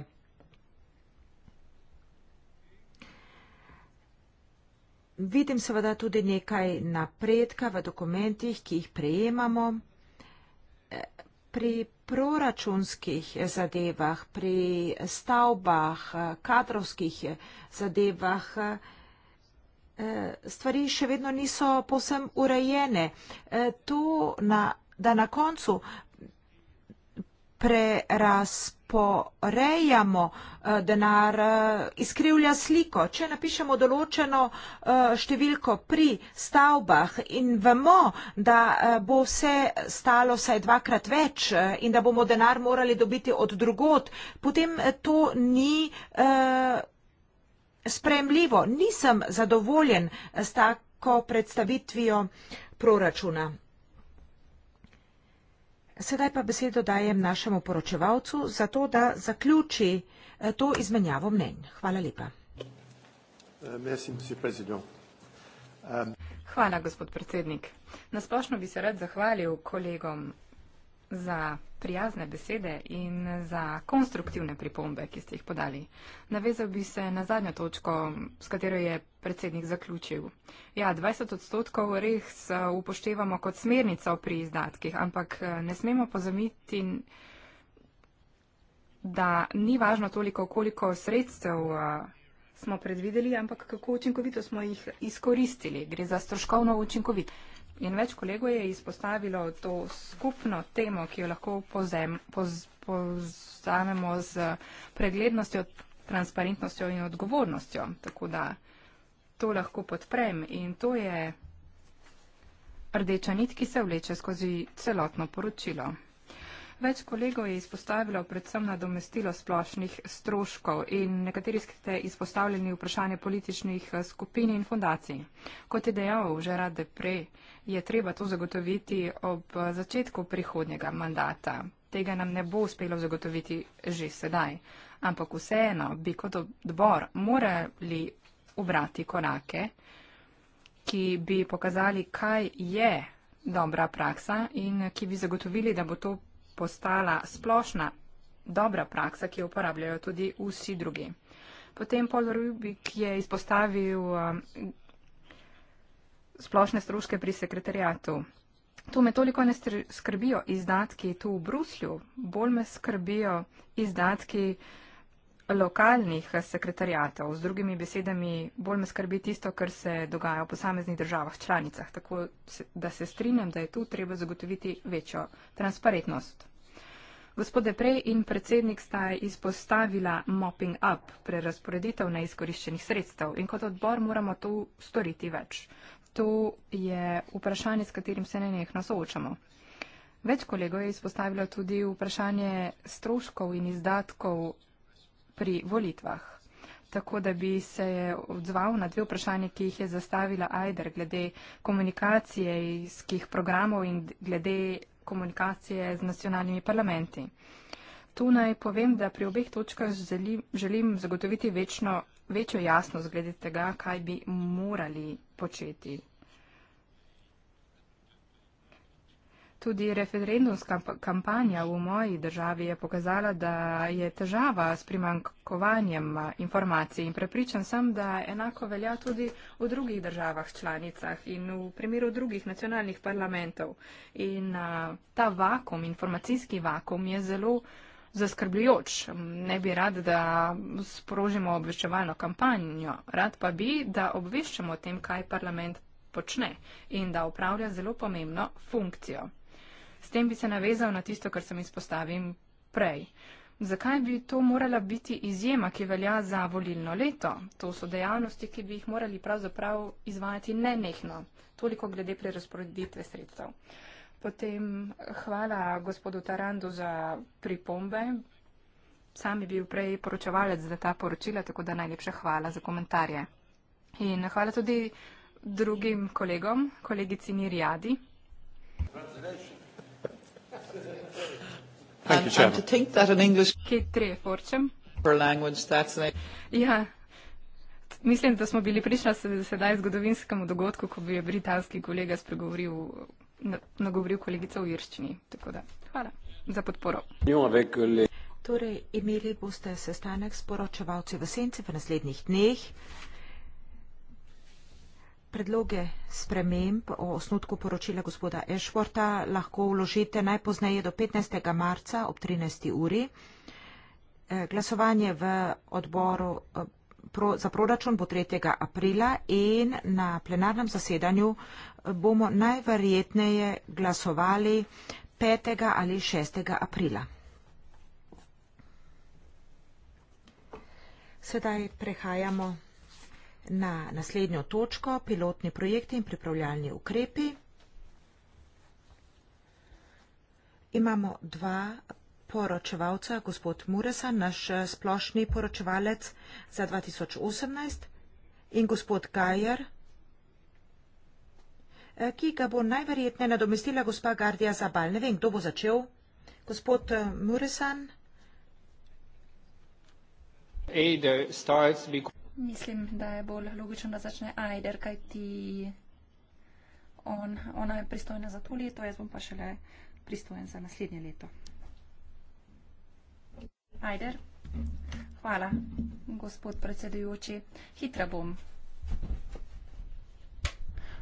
Vidim seveda tudi nekaj napredka v dokumentih, ki jih prejemamo. Eh, pri proračunskih eh, zadevah, pri stavbah, kadrovskih zadevah, Eh, stvari še vedno niso posem urejene. Eh, to, na, da na koncu prerasporejamo eh, denar, izkrivlja sliko. Če napišemo določeno številko pri stavbah in vemo, da bo vse stalo saj dvakrat več in da bomo denar morali dobiti od drugot, potem to ni. Uh, spremljivo, nisem zadovoljen s tako predstavitvijo proračuna. Sedaj pa besedo dajem našemu poročevalcu za to, da zaključi eh, to izmenjavo mnenj. Hvala lepa. Eh, Hvala, gospod predsednik. Nasplošno bi se rad zahvalil kolegom za prijazne besede in za konstruktivne pripombe, ki ste jih podali. Navezal bi se na zadnjo točko, s katero je predsednik zaključil. Ja, 20 odstotkov res eh, upoštevamo kot smernico pri izdatkih, ampak eh, ne smemo pozamiti, da ni važno toliko, koliko sredstev eh, smo predvideli, ampak kako učinkovito smo jih izkoristili. Gre za stroškovno učinkovitost. In več kolego je izpostavilo to skupno temo, ki jo lahko povzamemo poz, z preglednostjo, transparentnostjo in odgovornostjo. Tako da to lahko podprem in to je rdeča nit, ki se vleče skozi celotno poročilo. Več kolegov je izpostavilo predvsem nadomestilo splošnih stroškov in nekateri ste izpostavljeni vprašanje političnih eh, skupin in fundacij. Kot je dejal Žerad Depre, je treba to zagotoviti ob eh, začetku prihodnjega mandata. Tega nam ne bo uspelo zagotoviti že sedaj. Ampak vseeno bi kot odbor morali obrati korake, ki bi pokazali, kaj je dobra praksa in eh, ki bi zagotovili, da bo to postala splošna dobra praksa, ki jo uporabljajo tudi vsi drugi. Potem Paul Rubik je izpostavil um, splošne stroške pri sekretarijatu. Tu me toliko ne skrbijo izdatki tu v Bruslju, bolj me skrbijo izdatki uh, lokalnih sekretarjatov, z drugimi besedami, bolj me skrbi tisto, kar se dogaja v posameznih državah članicah, tako da se strinjam, da je tu treba zagotoviti večjo transparentnost. Gospode Prej in predsednik sta izpostavila mopping up, prerasporeditev neizkoriščenih sredstev in kot odbor moramo tu storiti več. To je vprašanje, s katerim se ne nekno soočamo. Več kolego je izpostavilo tudi vprašanje stroškov in izdatkov pri volitvah. Tako da bi se odzval na dve vprašanje, ki jih je zastavila Ajder glede komunikacijskih programov in glede komunikacije z nacionalnimi parlamenti. Tu naj povem, da pri obeh točkah želim, želim zagotoviti večno, večjo jasnost glede tega, kaj bi morali početi tudi referendumska kampanja v moji državi je pokazala, da je težava s primankovanjem informacij in prepričan sem, da enako velja tudi v drugih državah članicah in v primeru drugih nacionalnih parlamentov. In a, ta vakum, informacijski vakum je zelo zaskrbljujoč. Ne bi rad, da sprožimo obveščevalno kampanjo, rad pa bi, da obveščamo o tem, kaj parlament počne in da upravlja zelo pomembno funkcijo. S tem bi se navezal na tisto, kar sem izpostavil prej. Zakaj bi to morala biti izjema, ki velja za volilno leto? To so dejavnosti, ki bi jih morali pravzaprav izvajati nenehno. Toliko glede prerasporeditve sredstev. Potem hvala gospodu Tarandu za pripombe. Sam je bil prej poročevalec za ta poročila, tako da najlepša hvala za komentarje. In hvala tudi drugim kolegom, kolegici Mirjadi. Hvala. Thank and, you, Chairman. Um, and to think that an English language, that's it. Yeah. Ja, mislim, da smo bili prišla sedaj zgodovinskemu dogodku, ko bi je britanski kolega spregovoril, nagovoril kolegico v irščini. Tako da, hvala za podporo. Torej, imeli boste sestanek s poročevalci v Senci v naslednjih dneh predloge sprememb o osnutku poročila gospoda Ešvorta lahko vložite najpozneje do 15. marca ob 13. uri. Eh, glasovanje v odboru eh, za proračun bo 3. aprila in na plenarnem zasedanju eh, bomo najverjetneje glasovali 5. ali 6. aprila. Sedaj prehajamo na naslednjo točko, pilotni projekti in pripravljalni ukrepi. Imamo dva poročevalca, gospod Muresa, naš splošni poročevalec za 2018 in gospod Gajer, eh, ki ga bo najverjetne nadomestila gospa Gardija Zabal. Ne vem, kdo bo začel. Gospod eh, Muresan. Ada starts because mislim, da je bolj logično, da začne Ajder, kaj ti on, ona je pristojna za to leto, jaz bom pa šele pristojen za naslednje leto. Ajder, hvala, gospod predsedujoči, hitra bom.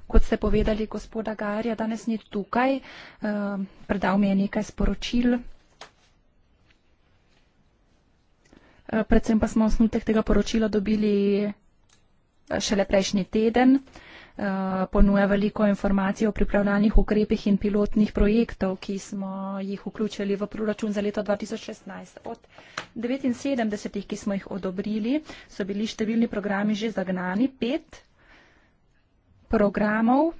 Kot ste povedali, gospoda Garja danes ni tukaj, uh, predal mi je nekaj sporočil. Eh, predvsem pa smo osnutek tega poročila dobili eh, šele prejšnji teden. Eh, ponuja veliko informacij o pripravljalnih ukrepih in pilotnih projektov, ki smo jih vključili v proračun za leto 2016. Od 79, ki smo jih odobrili, so bili številni programi že zagnani, pet programov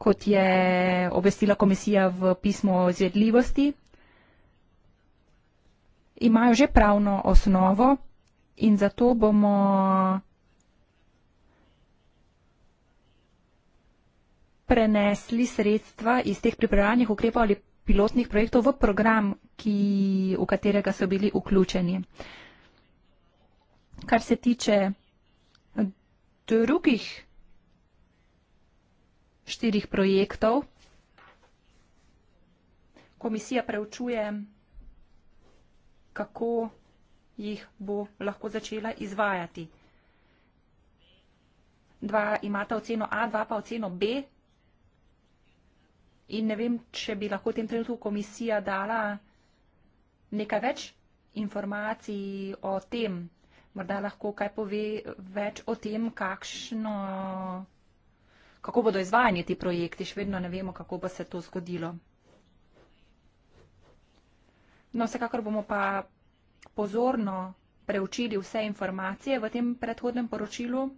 kot je obvestila komisija v pismo o izvedljivosti imajo že pravno osnovo in zato bomo. prenesli sredstva iz teh pripravljanih ukrepov ali pilotnih projektov v program, ki, v katerega so bili vključeni. Kar se tiče drugih štirih projektov, komisija preučuje kako jih bo lahko začela izvajati. Dva imata oceno A, dva pa oceno B. In ne vem, če bi lahko v tem trenutku komisija dala nekaj več informacij o tem. Morda lahko kaj pove več o tem, kakšno, kako bodo izvajanje ti projekti. Še vedno ne vemo, kako bo se to zgodilo. No, vsekakor bomo pa pozorno preučili vse informacije v tem predhodnem poročilu.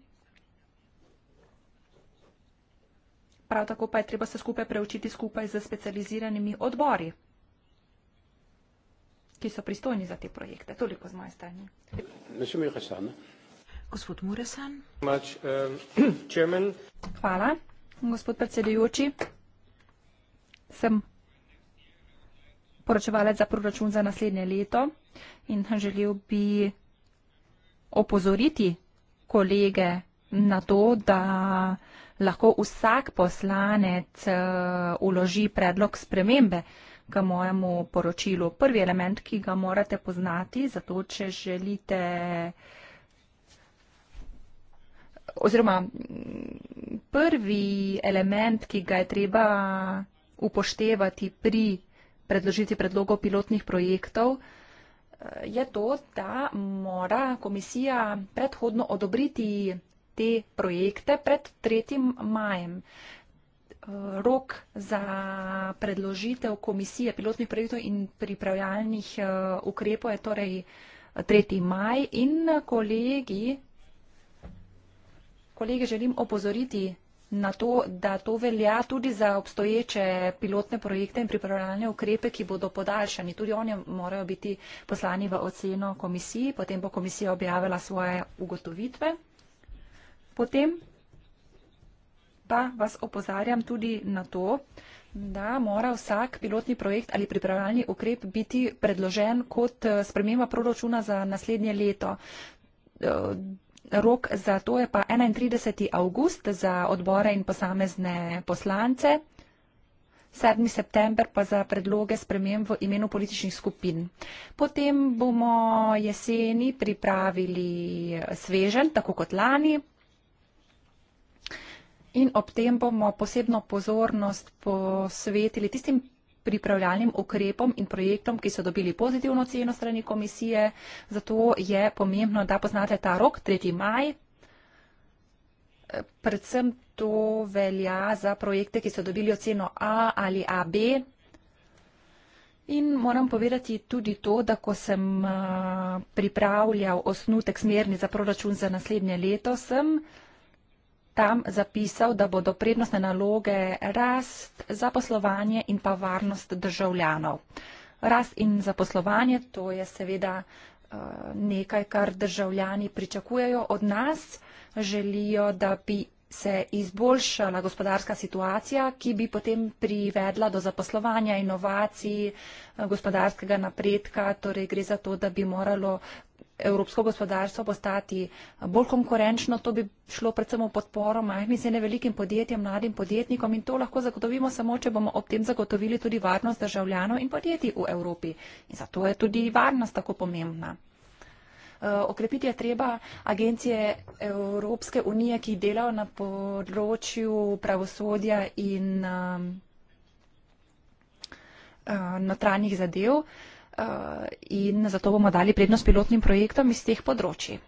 Prav tako pa je treba se skupaj preučiti skupaj z specializiranimi odbori, ki so pristojni za te projekte. Toliko z moje strani. Gospod Muresan. Much, um, Hvala, gospod predsedujoči. Sem poročevalec za proračun za naslednje leto in želel bi opozoriti kolege na to, da lahko vsak poslanec uloži eh, predlog spremembe k mojemu poročilu. Prvi element, ki ga morate poznati, zato če želite oziroma mm, prvi element, ki ga je treba upoštevati pri predložiti predlogov pilotnih projektov, eh, je to, da mora komisija predhodno odobriti te projekte pred 3. majem. Eh, rok za predložitev komisije pilotnih projektov in pripravljalnih eh, ukrepov je torej 3. maj in kolegi, kolegi želim opozoriti na to, da to velja tudi za obstoječe pilotne projekte in pripravljalne ukrepe, ki bodo podaljšani. Tudi oni morajo biti poslani v oceno komisiji, potem bo komisija objavila svoje ugotovitve. Potem pa vas opozarjam tudi na to, da mora vsak pilotni projekt ali pripravljalni ukrep biti predložen kot eh, sprememba proračuna za naslednje leto. Eh, rok za to je pa 31. avgust za odbore in posamezne poslance, 7. september pa za predloge spremem v imenu političnih skupin. Potem bomo jeseni pripravili svežen, tako kot lani. In ob tem bomo posebno pozornost posvetili tistim pripravljalnim ukrepom in projektom, ki so dobili pozitivno ceno strani komisije. Zato je pomembno, da poznate ta rok, 3. maj. Predvsem to velja za projekte, ki so dobili oceno A ali AB. In moram povedati tudi to, da ko sem pripravljal osnutek smerni za proračun za naslednje leto, sem uh, tam zapisal, da bodo prednostne naloge rast, zaposlovanje in pa varnost državljanov. Rast in zaposlovanje, to je seveda eh, nekaj, kar državljani pričakujejo od nas, želijo, da bi se izboljšala gospodarska situacija, ki bi potem privedla do zaposlovanja, inovacij, eh, gospodarskega napredka. Torej gre za to, da bi moralo evropsko gospodarstvo postati eh, bolj konkurenčno. To bi šlo predvsem v podporo majhnim, srednje velikim podjetjem, mladim podjetnikom in to lahko zagotovimo samo, če bomo ob tem zagotovili tudi varnost državljanov in podjetij v Evropi. In zato je tudi varnost tako pomembna. Eh, okrepiti je treba agencije Evropske unije, ki delajo na področju pravosodja in ehm, eh, notranjih zadev eh, in zato bomo dali prednost pilotnim projektom iz teh področji.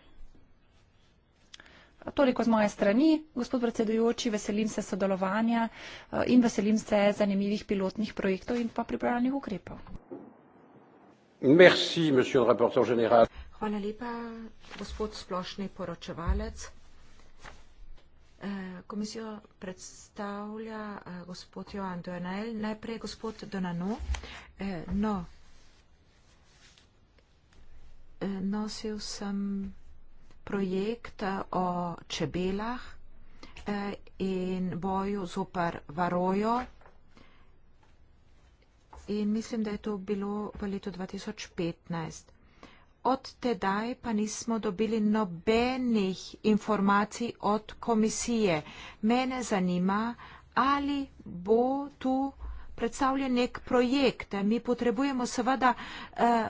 Toliko z moje strani, gospod predsedujoči, veselim se sodelovanja in veselim se zanimivih pilotnih projektov in pa pripravljanih ukrepov. Merci, monsieur le rapporteur général. Hvala lepa, gospod splošni poročevalec. Eh, komisijo predstavlja eh, gospod Joan Donel, najprej gospod Donano. Eh, no, nosil sem projekt o čebelah in boju zopar varojo in mislim, da je to bilo v letu 2015 od tedaj pa nismo dobili nobenih informacij od komisije. Mene zanima, ali bo tu predstavljen nek projekt. Mi potrebujemo seveda uh,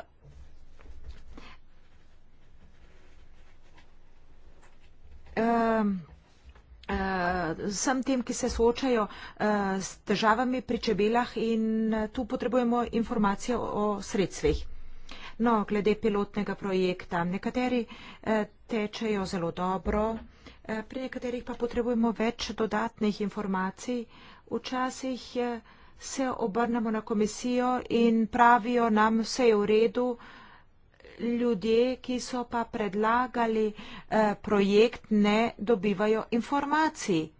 um, vsem tem, ki se soočajo s težavami pri čebelah in tu potrebujemo informacije o sredstvih. No, glede pilotnega projekta, nekateri eh, tečejo zelo dobro, eh, pri nekaterih pa potrebujemo več dodatnih informacij. Včasih eh, se obrnemo na komisijo in pravijo nam vse je v redu. Ljudje, ki so pa predlagali eh, projekt, ne dobivajo informacij. Eh,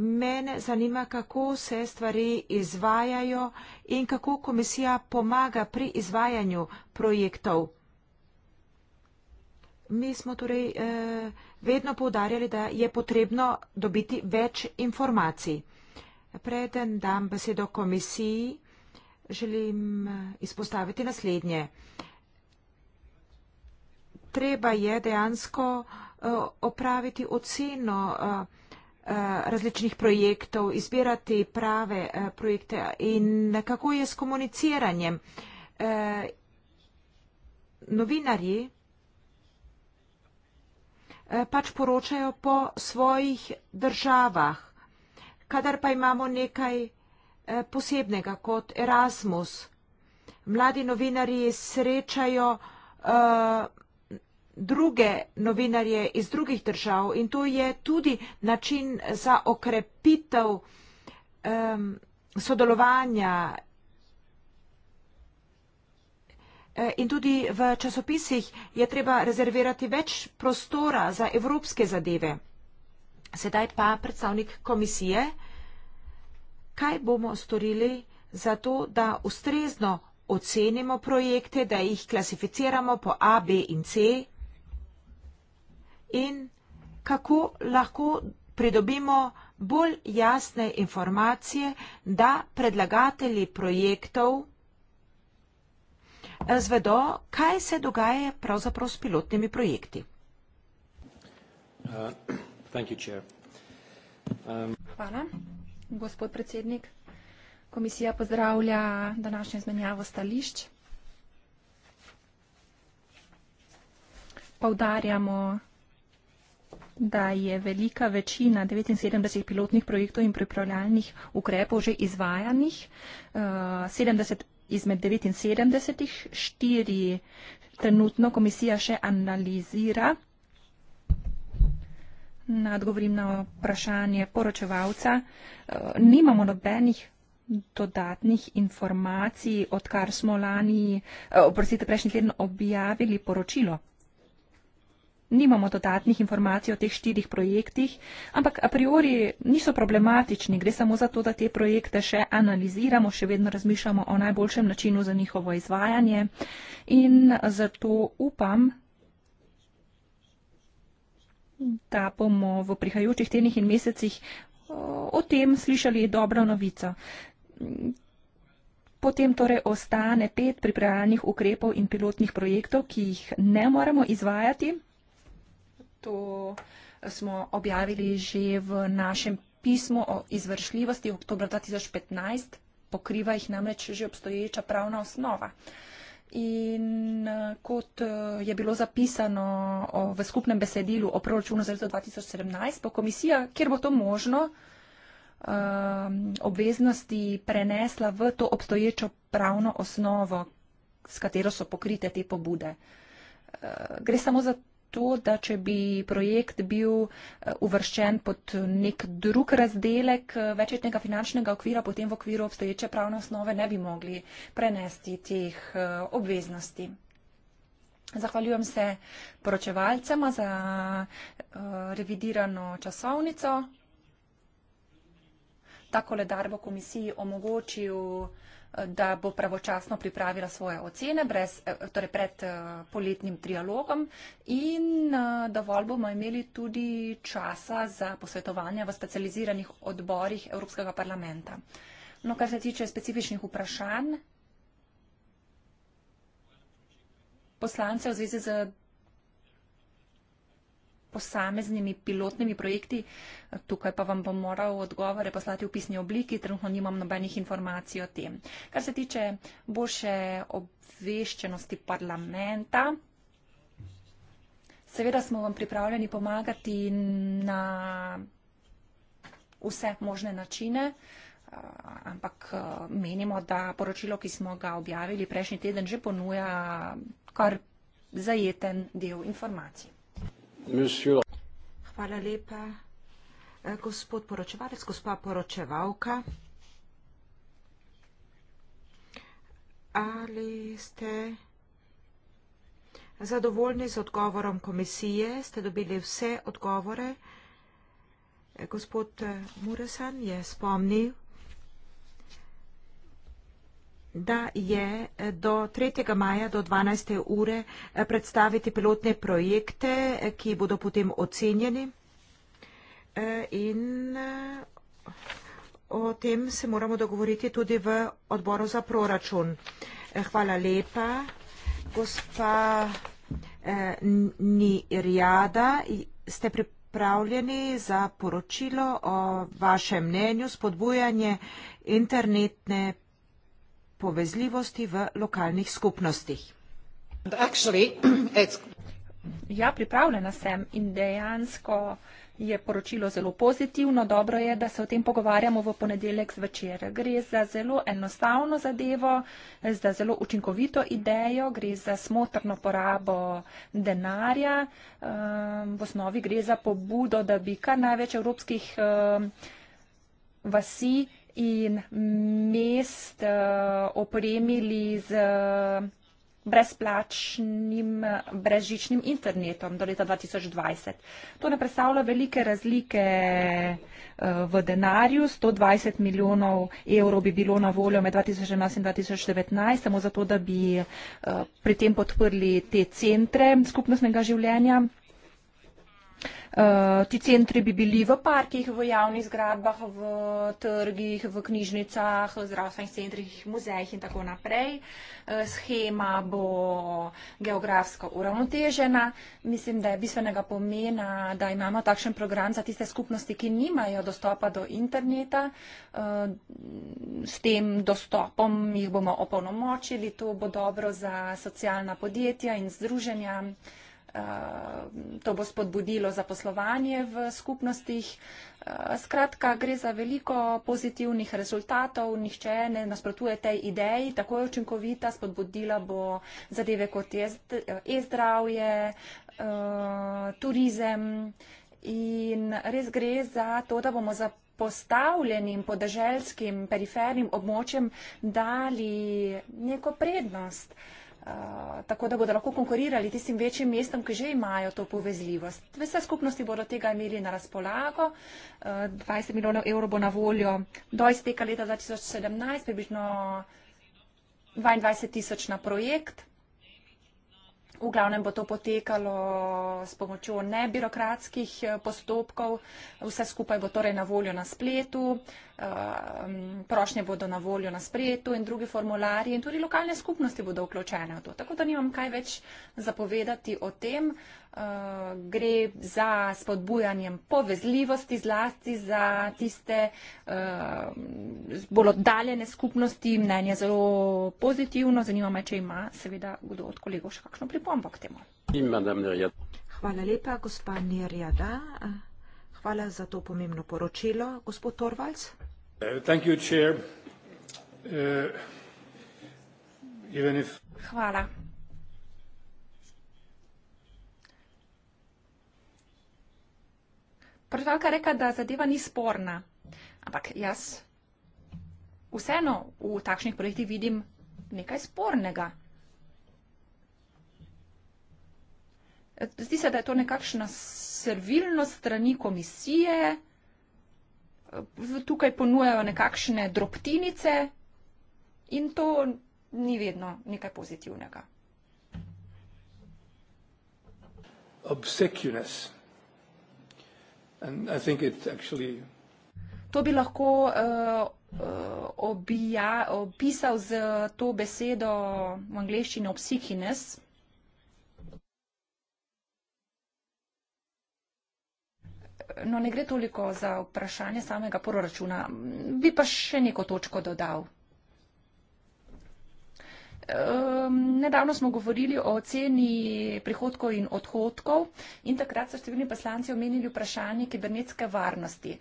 mene zanima, kako se stvari izvajajo in kako komisija pomaga pri izvajanju projektov. Mi smo torej eh, vedno povdarjali, da je potrebno dobiti več informacij. Preden dam besedo komisiji, želim eh, izpostaviti naslednje. Treba je dejansko eh, opraviti oceno eh, Eh, različnih projektov, izbirati prave eh, projekte in kako je s komuniciranjem. Eh, novinarji pač poročajo po svojih državah, kadar pa imamo nekaj posebnega kot Erasmus. Mladi novinarji srečajo uh, druge novinarje iz drugih držav in to je tudi način za okrepitev um, sodelovanja e, in tudi v časopisih je treba rezervirati več prostora za evropske zadeve. Sedaj pa predstavnik komisije, kaj bomo storili za to, da ustrezno ocenimo projekte, da jih klasificiramo po A, B in C in kako lahko pridobimo bolj jasne informacije, da predlagatelji projektov eh, zvedo, kaj se dogaja pravzaprav s pilotnimi projekti. Uh, [CLEARS THROAT] um, Hvala, gospod predsednik. Komisija pozdravlja današnjo izmenjavo stališč. Poudarjamo, da je velika večina 79 pilotnih projektov in pripravljalnih ukrepov že izvajanih, uh, eh, 70 izmed 79, 4 trenutno komisija še analizira. Nadgovorim na vprašanje poročevalca. Eh, nimamo nobenih dodatnih informacij, odkar smo lani, eh, oprostite, prejšnji teden objavili poročilo nimamo dodatnih informacij o teh štirih projektih, ampak a priori niso problematični, gre samo za to, da te projekte še analiziramo, še vedno razmišljamo o najboljšem načinu za njihovo izvajanje in zato upam, da bomo v prihajajočih tednih in mesecih o tem slišali dobro novico. Potem torej ostane pet pripravljenih ukrepov in pilotnih projektov, ki jih ne moremo izvajati to smo objavili že v našem pismu o izvršljivosti v oktober 2015, pokriva jih namreč že obstoječa pravna osnova. In eh, kot eh, je bilo zapisano v skupnem besedilu o proračunu za leto 2017, bo komisija, kjer bo to možno, ehm, obveznosti prenesla v to obstoječo pravno osnovo, s katero so pokrite te pobude. Eh, gre samo za to, da če bi projekt bil eh, uvrščen pod eh, nek drug razdelek eh, večetnega finančnega okvira, potem v okviru obstoječe pravne osnove ne bi mogli prenesti teh obveznosti. Zahvaljujem se poročevalcema za revidirano časovnico ta koledar bo komisiji omogočil, eh, da bo pravočasno pripravila svoje ocene brez, eh, torej pred eh, poletnim trialogom in dovolj bomo imeli tudi časa za posvetovanja v specializiranih odborih Evropskega parlamenta. No, kar se tiče specifičnih vprašanj, poslance v zvezi z posameznimi pilotnimi projekti. Tukaj pa vam bom moral odgovore poslati v pisni obliki, trenutno nimam nobenih informacij o tem. Kar se tiče boljše obveščenosti parlamenta, seveda smo vam pripravljeni pomagati na vse možne načine, ampak menimo, da poročilo, ki smo ga objavili prejšnji teden, že ponuja kar zajeten del informacij. Hvala lepa. Eh, gospod poročevalec, gospa poročevalka, ali ste zadovoljni z odgovorom komisije? Ste dobili vse odgovore? Eh, gospod eh, Muresan je spomnil, da je eh, do 3. maja do 12. ure eh, predstaviti pilotne projekte, eh, ki bodo potem ocenjeni in o tem se moramo dogovoriti tudi v odboru za proračun. Hvala lepa. Gospa Nirjada, ste pripravljeni za poročilo o vašem mnenju spodbujanje internetne povezljivosti v lokalnih skupnostih. [CLEARS THROAT] Ja, pripravljena sem in dejansko je poročilo zelo pozitivno. Dobro je, da se o tem pogovarjamo v ponedeljek zvečer. Gre za zelo enostavno zadevo, za zelo učinkovito idejo, gre za smotrno porabo denarja. Ehm, v osnovi gre za pobudo, da bi kar največ evropskih ehm, vasi in mest eh, opremili z eh, brezplačnim brežičnim internetom do leta 2020. To ne predstavlja velike razlike eh, v denarju. 120 milijonov evrov bi bilo na voljo med 2011 in 2019, samo zato, da bi pri tem podprli te centre skupnostnega življenja. Eh, ti centri bi bili v parkih, v javnih zgradbah, v trgih, v knjižnicah, v zdravstvenih centrih, muzejih in tako naprej. Eh, schema bo geografsko uravnotežena. Mislim, da je bistvenega pomena, da imamo takšen program za tiste skupnosti, ki nimajo dostopa do interneta. Eh, s tem dostopom jih bomo opolnomočili. To bo dobro za socialna podjetja in združenja. Ehm, to bo spodbudilo zaposlovanje v skupnostih. Ehm, skratka, gre za veliko pozitivnih rezultatov, nihče ne nasprotuje tej ideji, tako je učinkovita, spodbudila bo zadeve kot je e-zdravje, ehm, turizem in res gre za to, da bomo za postavljenim podeželskim perifernim območjem dali neko prednost. Uh, Eh, tako da bodo lahko konkurirali tistim večjim mestom, ki že imajo to povezljivost. Vse skupnosti bodo tega imeli na razpolago, uh, eh, 20 milijonov evrov bo na voljo do izteka leta 2017, približno 22 tisoč na projekt. V glavnem bo to potekalo s pomočjo nebirokratskih eh, postopkov, vse skupaj bo torej na voljo na spletu. Uh, Ehm, prošnje bodo na voljo na sprejetu in drugi formularji in tudi lokalne skupnosti bodo vključene v to. Tako da nimam kaj več zapovedati o tem. Ehm, gre za spodbujanjem povezljivosti zlasti za tiste ehm, bolj oddaljene skupnosti. Mnenje je zelo pozitivno. Zanima me, če ima seveda kdo od kolegov še kakšno pripombo k temu. Hvala lepa, gospa Nirjada. Hvala za to pomembno poročilo, gospod Torvalc. Uh, uh, Hvala. Poslanka je rekla, da zadeva ni sporna, ampak jaz vseeno v takšnih projektih vidim nekaj spornega. Zdi se, da je to nekakšna servilnost strani komisije, tukaj ponujajo nekakšne drobtinice in to ni vedno nekaj pozitivnega. To bi lahko uh, uh, obija, opisal z to besedo v angleščini obsikines. no, ne gre toliko za vprašanje samega proračuna. Bi pa še neko točko dodal. Nedavno smo govorili o ceni prihodkov in odhodkov in takrat so številni poslanci omenili vprašanje kibernetske varnosti.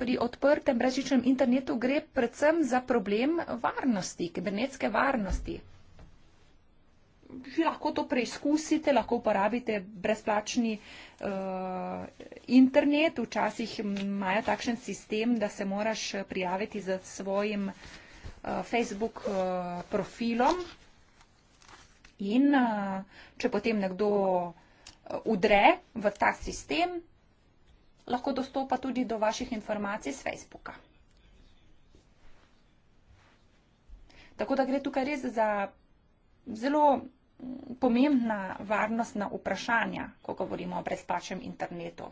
Pri odprtem brezžičnem internetu gre predvsem za problem varnosti, kibernetske varnosti vi lahko to preizkusite, lahko uporabite brezplačni uh, internet. Včasih imajo takšen sistem, da se moraš eh, prijaviti z svojim uh, Facebook uh, profilom. In uh, če potem nekdo udre v ta sistem, lahko dostopa tudi do vaših informacij z Facebooka. Tako da gre tukaj res za zelo pomembna varnostna vprašanja, ko govorimo o brezplačnem internetu.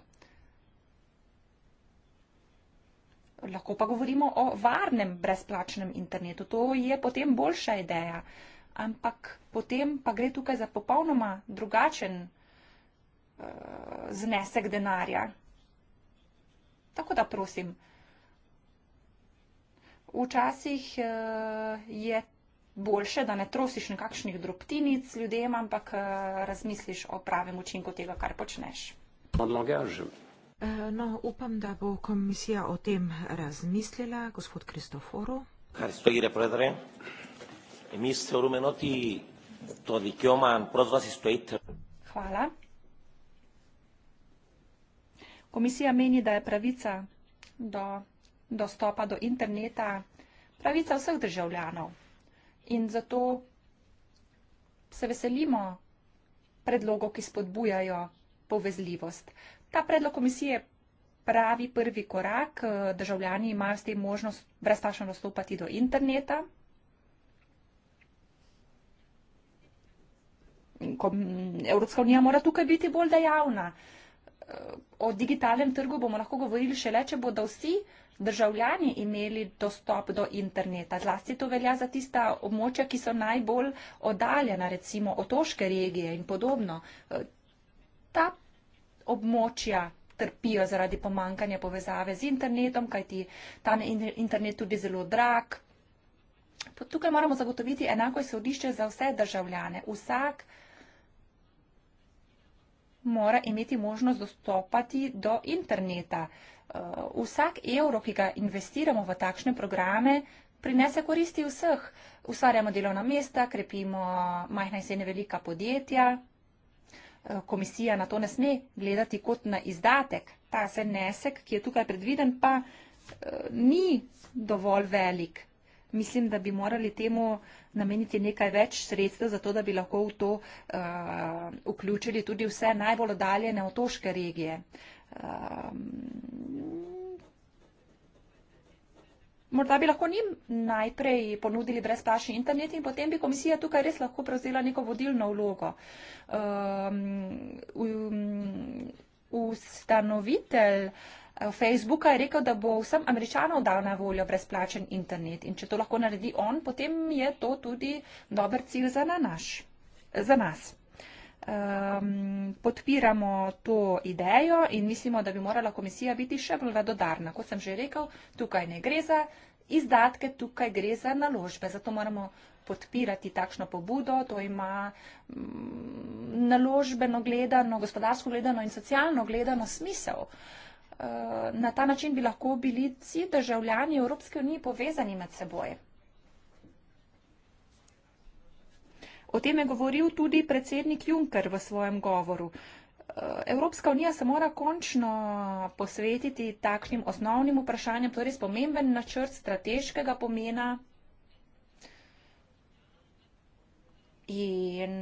Lahko pa govorimo o varnem brezplačnem internetu. To je potem boljša ideja. Ampak potem pa gre tukaj za popolnoma drugačen uh, znesek denarja. Tako da prosim. Včasih uh, je boljše, da ne trosiš nekakšnih drobtinic ljudem, ampak uh, razmisliš o pravem učinku tega, kar počneš. Eh, no, upam, da bo komisija o tem razmislila, gospod Kristoforo. Hvala. Komisija meni, da je pravica do dostopa do interneta pravica vseh državljanov in zato se veselimo predlogov, ki spodbujajo povezljivost. Ta predlog komisije pravi prvi korak, državljani imajo s tem možnost brezplačno dostopati do interneta. Evropska unija mora tukaj biti bolj dejavna. O digitalnem trgu bomo lahko govorili šele, če bodo vsi državljani imeli dostop do interneta. Zlasti to velja za tista območja, ki so najbolj oddaljena, recimo otoške regije in podobno. E, ta območja trpijo zaradi pomankanja povezave z internetom, kajti tam je internet tudi zelo drag. Tukaj moramo zagotoviti enako izhodišče za vse državljane. Vsak mora imeti možnost dostopati do interneta. Eh, vsak evro, ki ga investiramo v takšne programe, prinese koristi vseh. Ustvarjamo delovna mesta, krepimo majhna in srednja velika podjetja. Eh, komisija na to ne sme gledati kot na izdatek. Ta senesek, ki je tukaj predviden, pa eh, ni dovolj velik. Mislim, da bi morali temu nameniti nekaj več sredstev, zato da bi lahko v to uh, vključili tudi vse najbolj oddaljene otoške regije. Uh, Morda bi lahko njim najprej ponudili brezplačni internet in potem bi komisija tukaj res lahko prevzela neko vodilno vlogo. Um, ustanovitelj eh, Facebooka je rekel, da bo vsem američanom dal na voljo brezplačen internet in če to lahko naredi on, potem je to tudi dober cilj za, na naš, za nas um, podpiramo to idejo in mislimo, da bi morala komisija biti še bolj vedodarna. Kot sem že rekel, tukaj ne gre za izdatke, tukaj gre za naložbe. Zato moramo podpirati takšno pobudo. To ima um, naložbeno gledano, gospodarsko gledano in socialno gledano smisel. Na ta način bi lahko bili vsi državljani Evropske unije povezani med seboj. O tem je govoril tudi predsednik Juncker v svojem govoru. Eh, Evropska unija se mora končno posvetiti takšnim osnovnim vprašanjem, torej spomemben načrt strateškega pomena in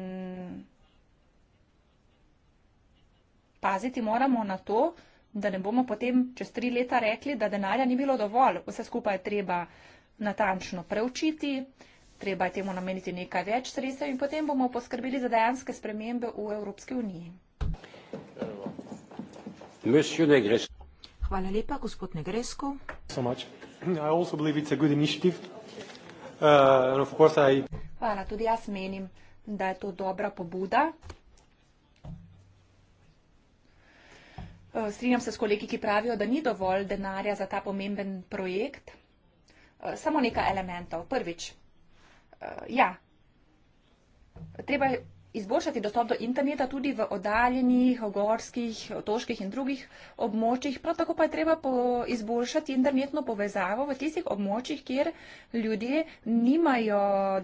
paziti moramo na to, da ne bomo potem čez tri leta rekli, da denarja ni bilo dovolj. Vse skupaj je treba natančno preučiti. Treba je temu nameniti nekaj več sredstev in potem bomo poskrbeli za dejanske spremembe v Evropski uniji. Hvala lepa, gospod Negresko. Uh, Hvala, tudi jaz menim, da je to dobra pobuda. Uh, strinjam se s kolegi, ki pravijo, da ni dovolj denarja za ta pomemben projekt. Uh, samo nekaj elementov. Prvič, uh, ja, treba izboljšati dostop do interneta tudi v oddaljenih, ogorskih, otoških in drugih območjih. Prav tako pa je treba izboljšati internetno povezavo v tistih območjih, kjer ljudje nimajo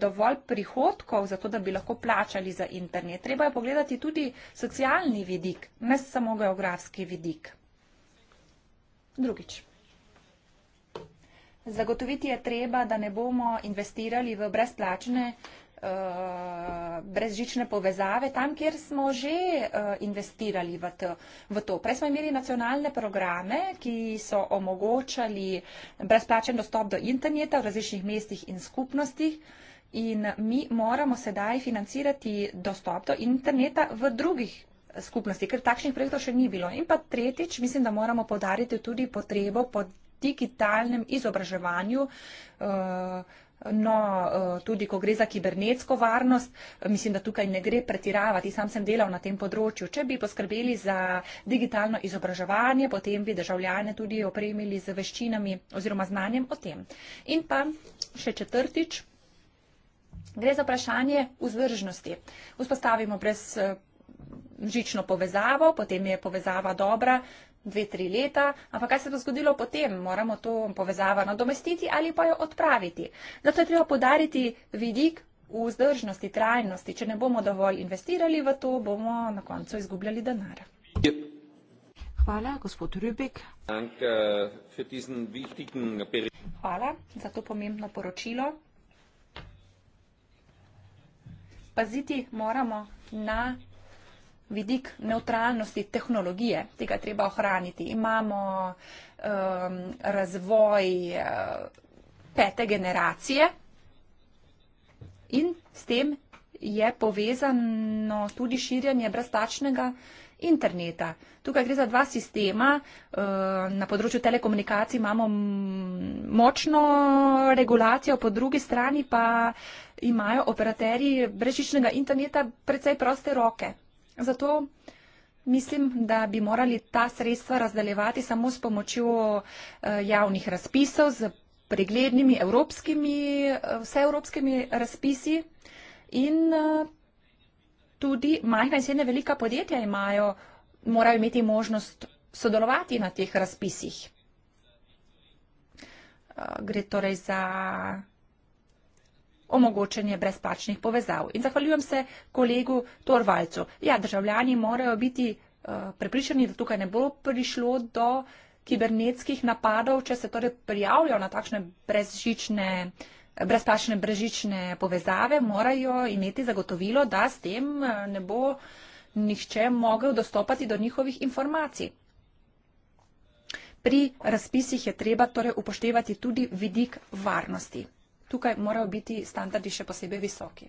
dovolj prihodkov za to, da bi lahko plačali za internet. Treba je pogledati tudi socialni vidik, ne samo geografski vidik. Drugič. Zagotoviti je treba, da ne bomo investirali v brezplačne, eh, brezžične povezave tam, kjer smo že eh, investirali v to. Prej smo imeli nacionalne programe, ki so omogočali brezplačen dostop do interneta v različnih mestih in skupnostih. In mi moramo sedaj financirati dostop do interneta v drugih skupnosti, ker takšnih projektov še ni bilo. In pa tretjič, mislim, da moramo podariti tudi potrebo po digitalnem izobraževanju, eh, no, eh, tudi ko gre za kibernetsko varnost, eh, mislim, da tukaj ne gre pretiravati, sam sem delal na tem področju. Če bi poskrbeli za digitalno izobraževanje, potem bi državljane tudi opremili z veščinami oziroma znanjem o tem. In pa še četrtič, gre za vprašanje vzdržnosti. Vzpostavimo brez žično povezavo, potem je povezava dobra, dve, tri leta, ampak kaj se bo zgodilo potem? Moramo to povezavo nadomestiti ali pa jo odpraviti. Zato je treba podariti vidik v vzdržnosti, trajnosti. Če ne bomo dovolj investirali v to, bomo na koncu izgubljali denar. Hvala, gospod Rubik. Äh, Hvala za to pomembno poročilo. Paziti moramo na vidik neutralnosti tehnologije, tega treba ohraniti. Imamo um, razvoj uh, pete generacije in s tem je povezano tudi širjanje brastačnega interneta. Tukaj gre za dva sistema. Uh, na področju telekomunikacij imamo močno regulacijo, po drugi strani pa imajo operaterji brezžičnega interneta precej proste roke. Zato mislim, da bi morali ta sredstva razdaljevati samo s pomočjo eh, javnih razpisov, z preglednimi evropskimi, eh, vseevropskimi razpisi in eh, tudi majhna in srednja velika podjetja imajo, morajo imeti možnost sodelovati na teh razpisih. Gre torej za omogočanje brezplačnih povezav. In zahvaljujem se kolegu Torvalcu. Ja, državljani morajo biti uh, prepričani, da tukaj ne bo prišlo do kibernetskih napadov, če se torej prijavljajo na takšne brezžične, brezplačne brežične povezave, morajo imeti zagotovilo, da s tem eh, ne bo nihče mogel dostopati do njihovih informacij. Pri razpisih je treba torej upoštevati tudi vidik varnosti tukaj morajo biti standardi še posebej visoki.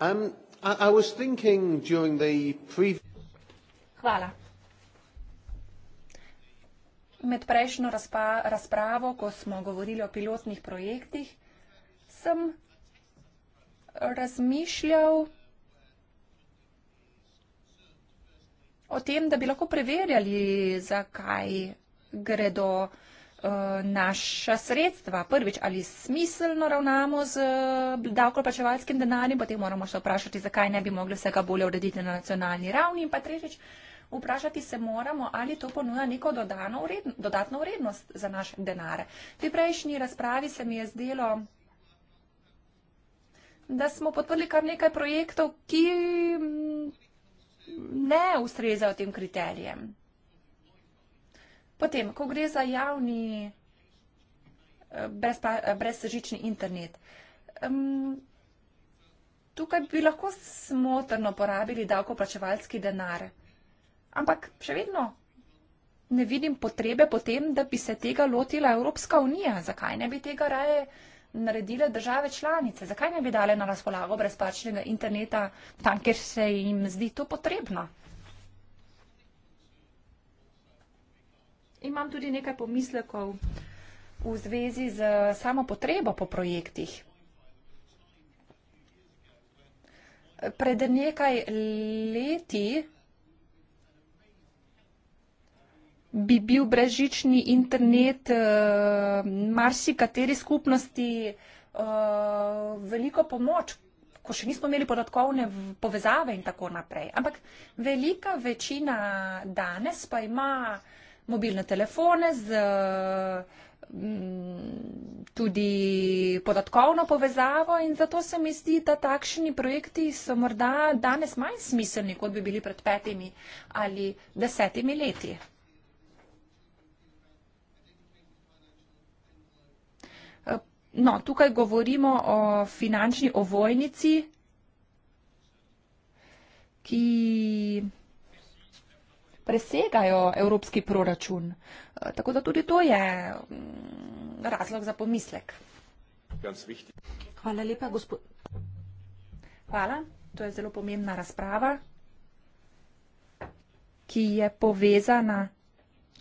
Um, Hvala. Med prejšnjo razpravo, ko smo govorili o pilotnih projektih, sem razmišljal, da je to nekaj, o tem, da bi lahko preverjali, zakaj gredo eh, naša sredstva. Prvič, ali smiselno ravnamo z eh, davkoplačevalskim denarjem, potem moramo se vprašati, zakaj ne bi mogli vsega bolje urediti na nacionalni ravni. In pa tretjič, vprašati se moramo, ali to ponuja neko dodano vredno, dodatno vrednost za naš denar. Pri prejšnji razpravi se mi je zdelo, da smo podprli kar nekaj projektov, ki ne ustrezajo tem kriterijem. Potem, ko gre za javni eh, eh, brezsežični internet, tukaj bi lahko smotrno porabili davkoplačevalski denar, ampak še vedno ne vidim potrebe potem, da bi se tega lotila Evropska unija. Zakaj ne bi tega raje? naredile države članice? Zakaj ne bi dale na razpolago brezplačnega interneta tam, kjer se jim zdi to potrebno? Imam tudi nekaj pomislekov v zvezi z samo potrebo po projektih. Pred nekaj leti bi bil brezžični internet eh, marsikateri skupnosti eh, veliko pomoč, ko še nismo imeli podatkovne povezave in tako naprej. Ampak velika večina danes pa ima mobilne telefone z mm, tudi podatkovno povezavo in zato se mi zdi, da takšni projekti so morda danes manj smiselni, kot bi bili pred petimi ali desetimi leti. No, tukaj govorimo o finančni ovojnici, ki presegajo evropski proračun. Eh, tako da tudi to je mm, razlog za pomislek. Hvala lepa, gospod. Hvala, to je zelo pomembna razprava, ki je povezana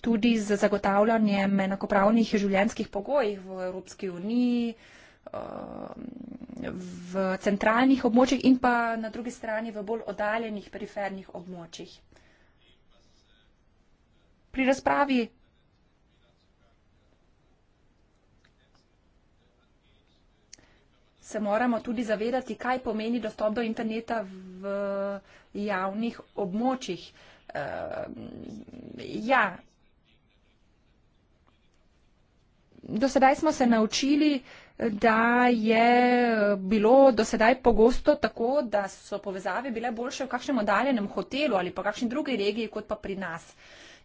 tudi z zagotavljanjem enakopravnih življenjskih pogojih v Evropski uniji, um, v centralnih območjih in pa na drugi strani v bolj oddaljenih perifernih območjih. Pri razpravi se moramo tudi zavedati, kaj pomeni dostop do interneta v javnih območjih. Um, ja, do sedaj smo se naučili, da je bilo do sedaj pogosto tako, da so povezave bile boljše v kakšnem oddaljenem hotelu ali pa kakšni drugi regiji, kot pa pri nas.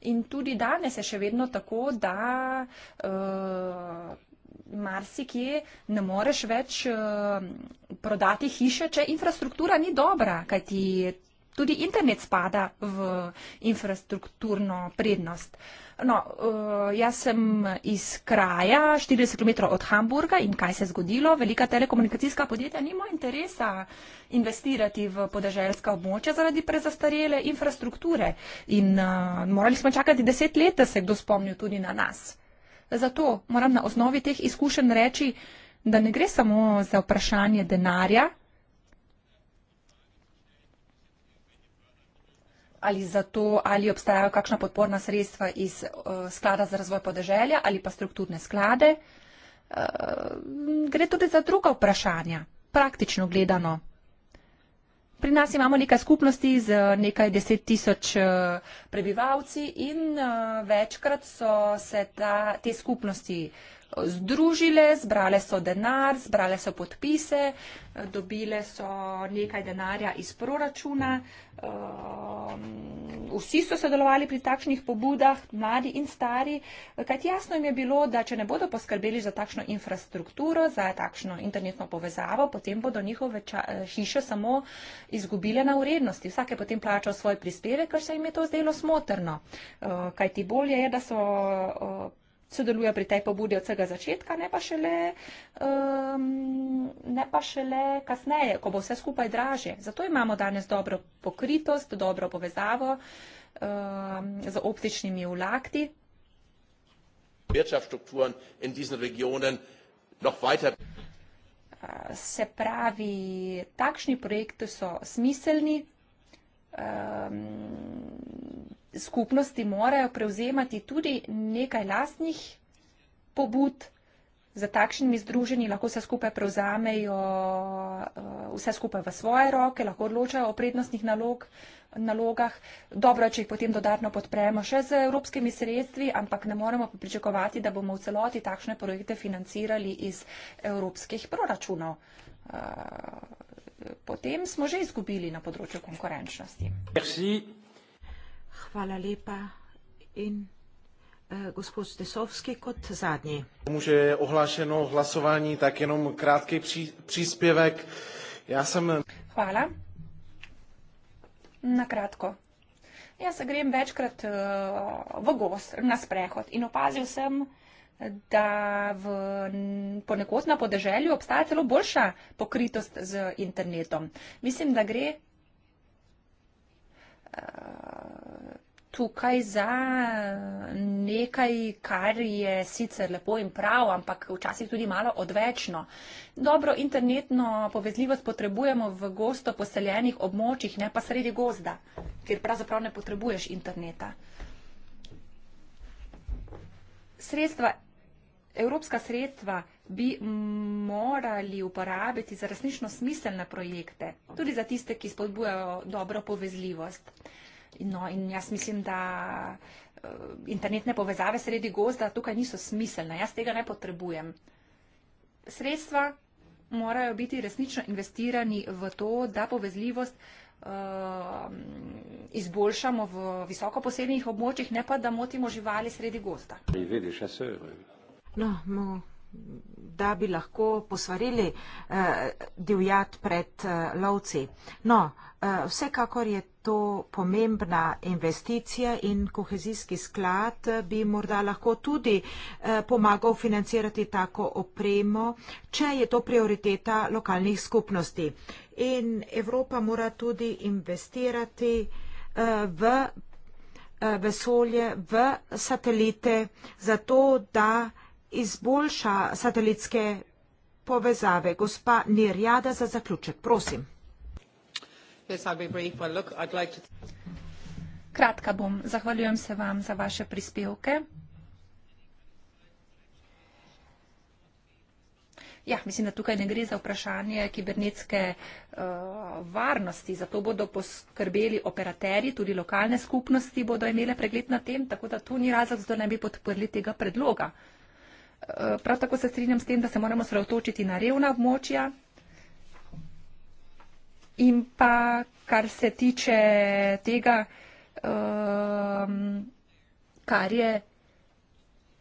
In tudi danes je še vedno tako, da uh, marsikje ne moreš več uh, prodati hiše, če infrastruktura ni dobra, kajti tudi internet spada v infrastrukturno prednost. Uh, No, uh, jaz sem iz kraja, 40 km od Hamburga in kaj se je zgodilo? Velika telekomunikacijska podjetja nima interesa investirati v podeželska območja zaradi prezastarele infrastrukture in uh, morali smo čakati deset let, da se je kdo spomnil tudi na nas. Zato moram na osnovi teh izkušenj reči, da ne gre samo za vprašanje denarja, ali za to, ali obstajajo kakšna podporna sredstva iz uh, sklada za razvoj podeželja ali pa strukturne sklade. Uh, gre tudi za druga vprašanja, praktično gledano. Pri nas imamo nekaj skupnosti z nekaj deset tisoč eh, prebivalci in večkrat so se ta, te skupnosti združile, zbrale so denar, zbrale so podpise, eh, dobile so nekaj denarja iz proračuna. Eh, vsi so sodelovali pri takšnih pobudah, mladi in stari, eh, kajti jasno jim je bilo, da če ne bodo poskrbeli za takšno infrastrukturo, za takšno internetno povezavo, potem bodo njihove hiše samo izgubile na urednosti. Vsak je potem plačal svoj prispevek, ker se jim je to zdelo smotrno. Kajti bolje je, da so sodelujejo pri tej pobudi od vsega začetka, ne pa, šele, um, ne pa šele kasneje, ko bo vse skupaj draže. Zato imamo danes dobro pokritost, dobro povezavo um, z optičnimi vlakti. Uh, se pravi, takšni projekti so smiselni. Um, skupnosti morajo prevzemati tudi nekaj lastnih pobud. Za takšnimi združenji lahko vse skupaj prevzamejo eh, vse skupaj v svoje roke, lahko odločajo o prednostnih nalog, nalogah. Dobro, če jih potem dodatno podpremo še z evropskimi sredstvi, ampak ne moremo pričakovati, da bomo v celoti takšne projekte financirali iz evropskih proračunov. Eh, potem smo že izgubili na področju konkurenčnosti. Merci. Hvala lepa. In eh, gospod Stesovski kot zadnji. Tomu, že je ohlašeno hlasování, tak jenom krátký pří, příspěvek. Já jsem... Hvala. Na kratko. Jaz grem večkrat eh, v gost, na sprehod in opazil sem, da v ponekod na podeželju obstaja celo boljša pokritost z internetom. Mislim, da gre tukaj za nekaj, kar je sicer lepo in prav, ampak včasih tudi malo odvečno. Dobro internetno povezljivost potrebujemo v gosto poseljenih območjih, ne pa sredi gozda, kjer pravzaprav ne potrebuješ interneta. Sredstva evropska sredstva bi morali uporabiti za resnično smiselne projekte, tudi za tiste, ki spodbujajo dobro povezljivost. No, in jaz mislim, da eh, internetne povezave sredi gozda tukaj niso smiselne, jaz tega ne potrebujem. Sredstva morajo biti resnično investirani v to, da povezljivost eh, izboljšamo v visokoposebnih območjih, ne pa da motimo živali sredi gozda. Vidiš, a se. No, no, da bi lahko posvarili eh, divjat pred eh, lovci. No, eh, vsekakor je to pomembna investicija in kohezijski sklad eh, bi morda lahko tudi eh, pomagal financirati tako opremo, če je to prioriteta lokalnih skupnosti. In Evropa mora tudi investirati eh, v eh, vesolje, v satelite, zato da izboljša satelitske povezave. Gospa Nirjada, za zaključek, prosim. Kratka bom. Zahvaljujem se vam za vaše prispevke. Ja, mislim, da tukaj ne gre za vprašanje kibernetske uh, varnosti. Za to bodo poskrbeli operateri, tudi lokalne skupnosti bodo imele pregled na tem, tako da to ni razlog, da ne bi podprli tega predloga. Eh, prav tako se strinjam s tem, da se moramo sredotočiti na revna območja. In pa, kar se tiče tega, um, kar je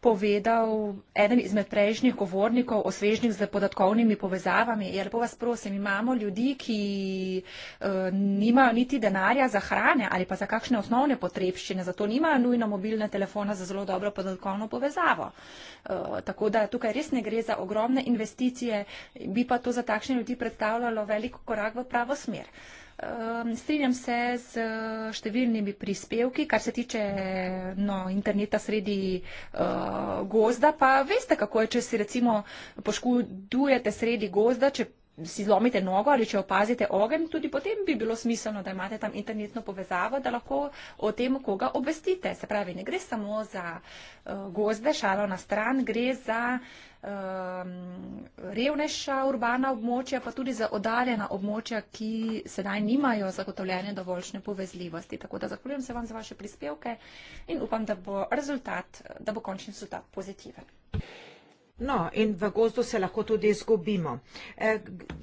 povedal eden izmed prejšnjih govornikov o svežnjih z podatkovnimi povezavami. Je ja, lepo vas prosim, imamo ljudi, ki uh, nimajo niti denarja za hrane ali pa za kakšne osnovne potrebščine, zato nimajo nujno mobilne telefona za zelo dobro podatkovno povezavo. Uh, tako da tukaj res ne gre za ogromne investicije, bi pa to za takšne ljudi predstavljalo velik korak v pravo smer. Uh, Strinjam se z eh, številnimi prispevki, kar se tiče no, interneta sredi uh, gozda, pa veste, kako je, če si recimo poškodujete sredi gozda, če si zlomite nogo ali če opazite ogenj, tudi potem bi bilo smiselno, da imate tam internetno povezavo, da lahko o tem koga obvestite. Se pravi, ne gre samo za uh, gozde, šalo na stran, gre za um, revnejša urbana območja, pa tudi za oddaljena območja, ki sedaj nimajo zagotovljene dovoljšne povezljivosti. Tako da zahvaljujem se vam za vaše prispevke in upam, da bo, rezultat, da bo končni rezultat pozitiven. No, in v gozdu se lahko tudi izgubimo. Eh,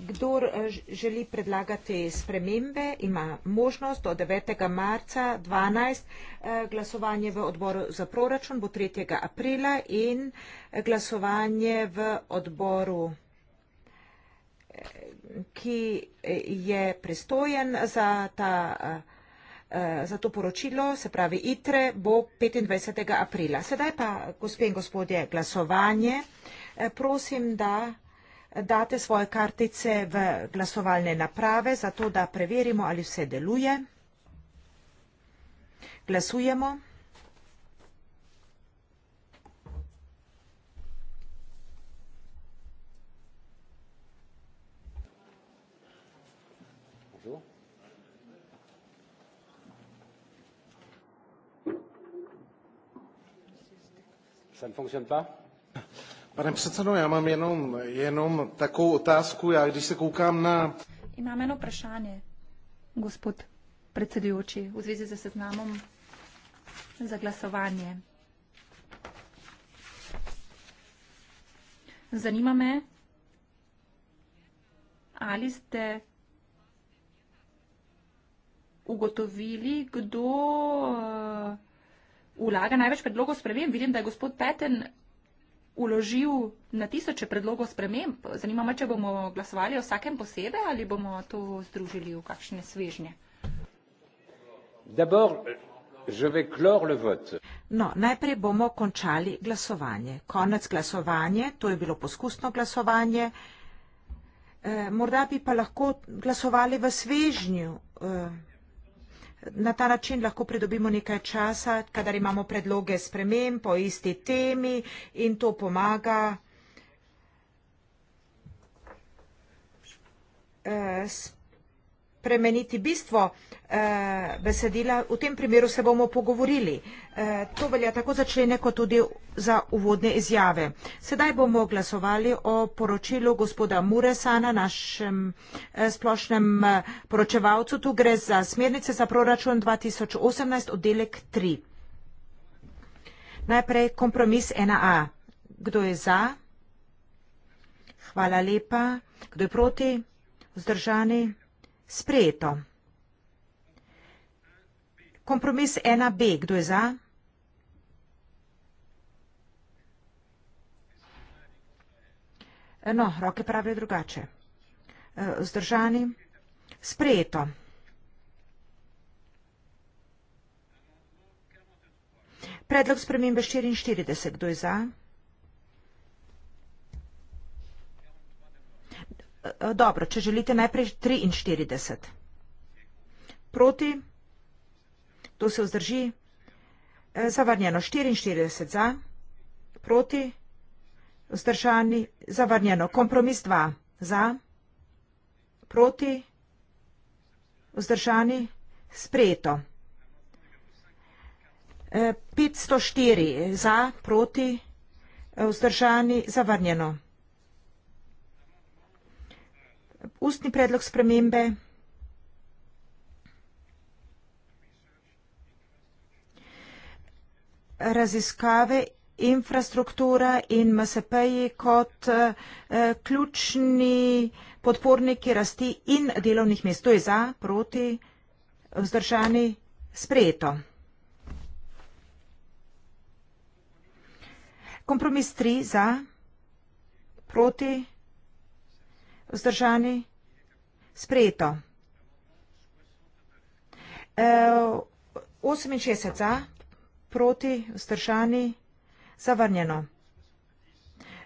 kdor eh, želi predlagati spremembe, ima možnost od 9. marca 12. Eh, glasovanje v odboru za proračun, bo 3. aprila in glasovanje v odboru, ki je prestojen za ta proračun Eh, za to poročilo, se pravi ITRE, bo 25. aprila. Sedaj pa, gospe in gospodje, glasovanje. Eh, prosim, da eh, date svoje kartice v glasovalne naprave, zato da preverimo, ali vse deluje. Glasujemo. Glasujemo. ça ne fonctionne pas Pane předsedo, já mám jenom, jenom takovou otázku. Já když se koukám na... I máme jenom prašáně, gospod předsedující, u se seznámom za hlasování. Zanima me, ali ste ugotovili, kdo uh, vlaga največ predlogov spremem. Vidim, da je gospod Peten uložil na tisoče predlogov spremem. Zanima me, če bomo glasovali o vsakem posebe ali bomo to združili v kakšne svežnje. No, najprej bomo končali glasovanje. Konec glasovanje, to je bilo poskusno glasovanje. E, morda bi pa lahko glasovali v svežnju. E, Na ta način lahko pridobimo nekaj časa, kadar imamo predloge spremem po isti temi in to pomaga eh, spremem premeniti bistvo eh, besedila, v tem primeru se bomo pogovorili. Eh, to velja tako za člene, kot tudi za uvodne izjave. Sedaj bomo glasovali o poročilu gospoda Muresa na našem eh, splošnem eh, poročevalcu. Tu gre za smernice za proračun 2018, oddelek 3. Najprej kompromis 1a. Kdo je za? Hvala lepa. Kdo je proti? Vzdržani? Sprejeto. Kompromis 1B, kdo je za? Eh, no, roke pravijo drugače. Eh, Zdržani. Sprejeto. Predlog spremembe 44, kdo je za? Sprejeto. Eh, dobro, če želite najprej 43. Proti, to se vzdrži, eh, zavarnjeno 44 za, proti, vzdržani, zavarnjeno, kompromis 2 za, proti, vzdržani, sprejeto. 504 eh, za, proti, vzdržani, zavarnjeno ustni predlog spremembe. Raziskave, infrastruktura in MSP-ji kot eh, ključni podporniki rasti in delovnih mest. To je za, proti, vzdržani, sprejeto. Kompromis 3 za, proti, vzdržani? Sprejeto. 68 e, za, proti, vzdržani, zavrnjeno.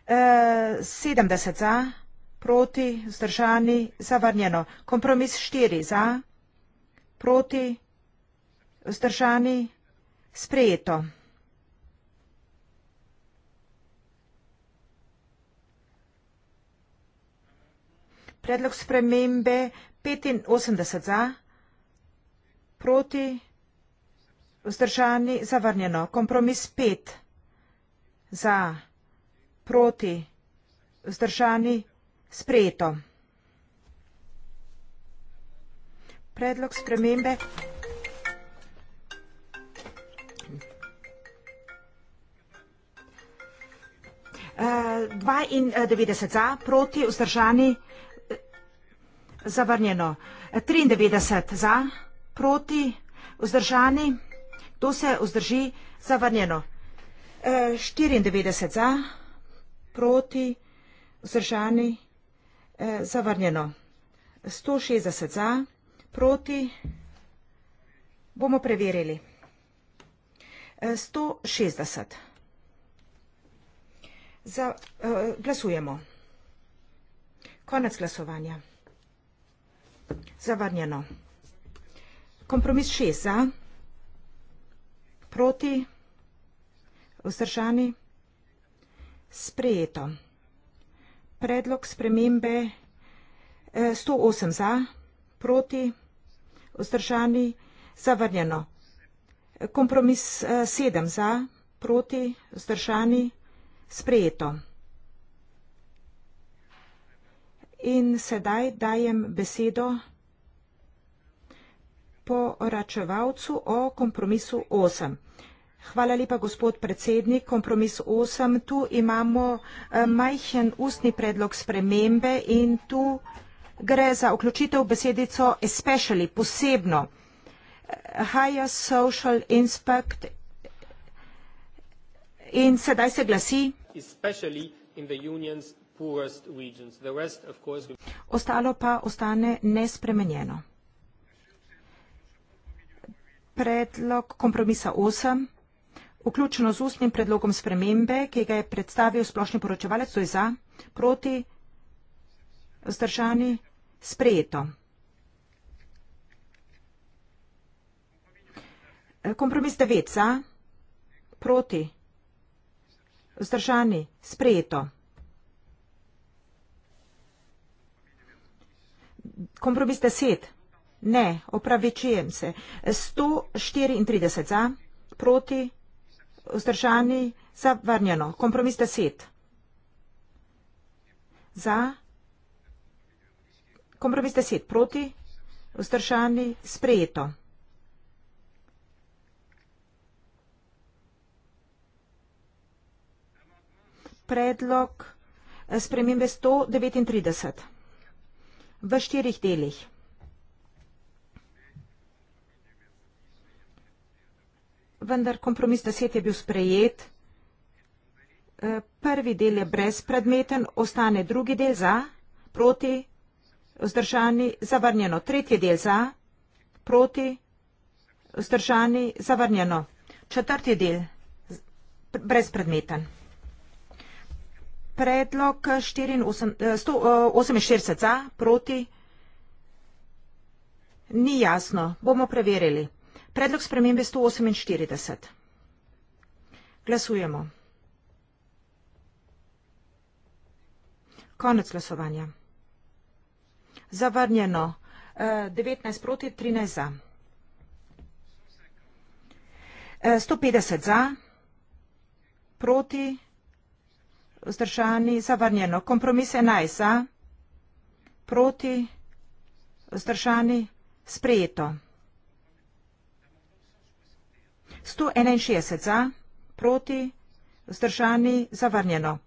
70 e, za, proti, vzdržani, zavrnjeno. Kompromis 4 za, proti, vzdržani, sprejeto. Predlog spremembe 85 za, proti, vzdržani, zavrnjeno. Kompromis 5 za, proti, vzdržani, sprejeto. Predlog spremembe. Uh, eh, 92 za, proti, vzdržani, sprejeto zavrnjeno. 93 za, proti, vzdržani, to se vzdrži, zavrnjeno. 94 za, proti, vzdržani, zavrnjeno. 160 za, proti, bomo preverili. 160. Eh, glasujemo. Konec glasovanja. Zavrnjeno. Kompromis šest za, proti, vzdržani, sprejeto. Predlog spremembe 108 eh, za, proti, vzdržani, zavrnjeno. Kompromis eh, sedem za, proti, vzdržani, sprejeto. In sedaj dajem besedo poračevalcu o kompromisu 8. Hvala lepa, gospod predsednik. Kompromis 8. Tu imamo eh, majhen ustni predlog spremembe in tu gre za vključitev besedico especially, posebno. Eh, higher social inspect in sedaj se glasi. Ostalo pa ostane nespremenjeno. Predlog kompromisa 8, vključeno z ustnim predlogom spremembe, ki ga je predstavil splošni poročevalec, to je za, proti, vzdržani, sprejeto. Kompromis 9 za, proti, vzdržani, sprejeto. kompromis 10. Ne, opravičujem se. 134 za, proti, vzdržani, zavrnjeno. Kompromis 10. Za. Kompromis 10. Proti. Vzdržani. Sprejeto. Predlog eh, spremembe 139 v štirih delih. Vendar kompromis deset je bil sprejet. E, prvi del je brezpredmeten, ostane drugi del za, proti, vzdržani, zavrnjeno. Tretji del za, proti, vzdržani, zavrnjeno. Četrti del brezpredmeten predlog 148 eh, eh, za, proti? Ni jasno. Bomo preverili. Predlog spremembe 148. Glasujemo. Konec glasovanja. Zavrnjeno. 19 eh, proti, 13 za. 150 za, proti, 13 za vzdržani, zavrnjeno. Kompromis 11 za, proti, vzdržani, sprejeto. 161 za, proti, vzdržani, zavrnjeno.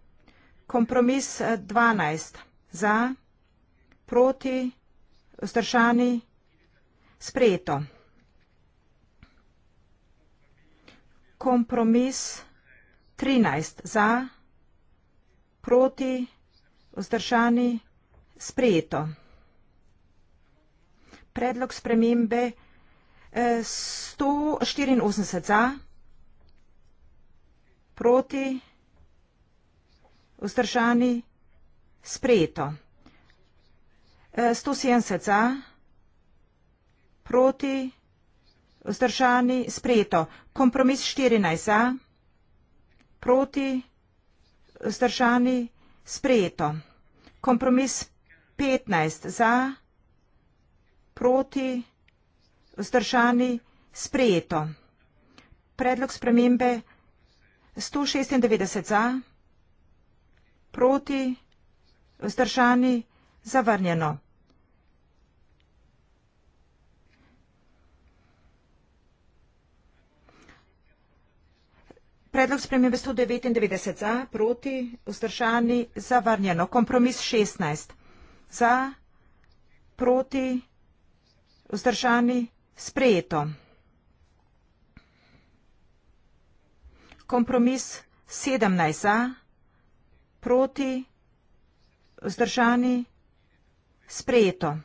Kompromis 12 eh, za, proti, vzdržani, sprejeto. Kompromis 13 za, proti, vzdržani, sprejeto proti, vzdržani, sprejeto. Predlog spremembe 184 eh, za, proti, vzdržani, sprejeto. 170 eh, za, proti, vzdržani, sprejeto. Kompromis 14 za, proti, vzdržani, sprejeto vzdržani, sprejeto. Kompromis 15 za, proti, vzdržani, sprejeto. Predlog spremembe 196 za, proti, vzdržani, zavrnjeno. Predlog spremembe 199 za, proti, vzdržani, zavrnjeno. Kompromis 16 za, proti, vzdržani, sprejeto. Kompromis 17 za, proti, vzdržani, sprejeto.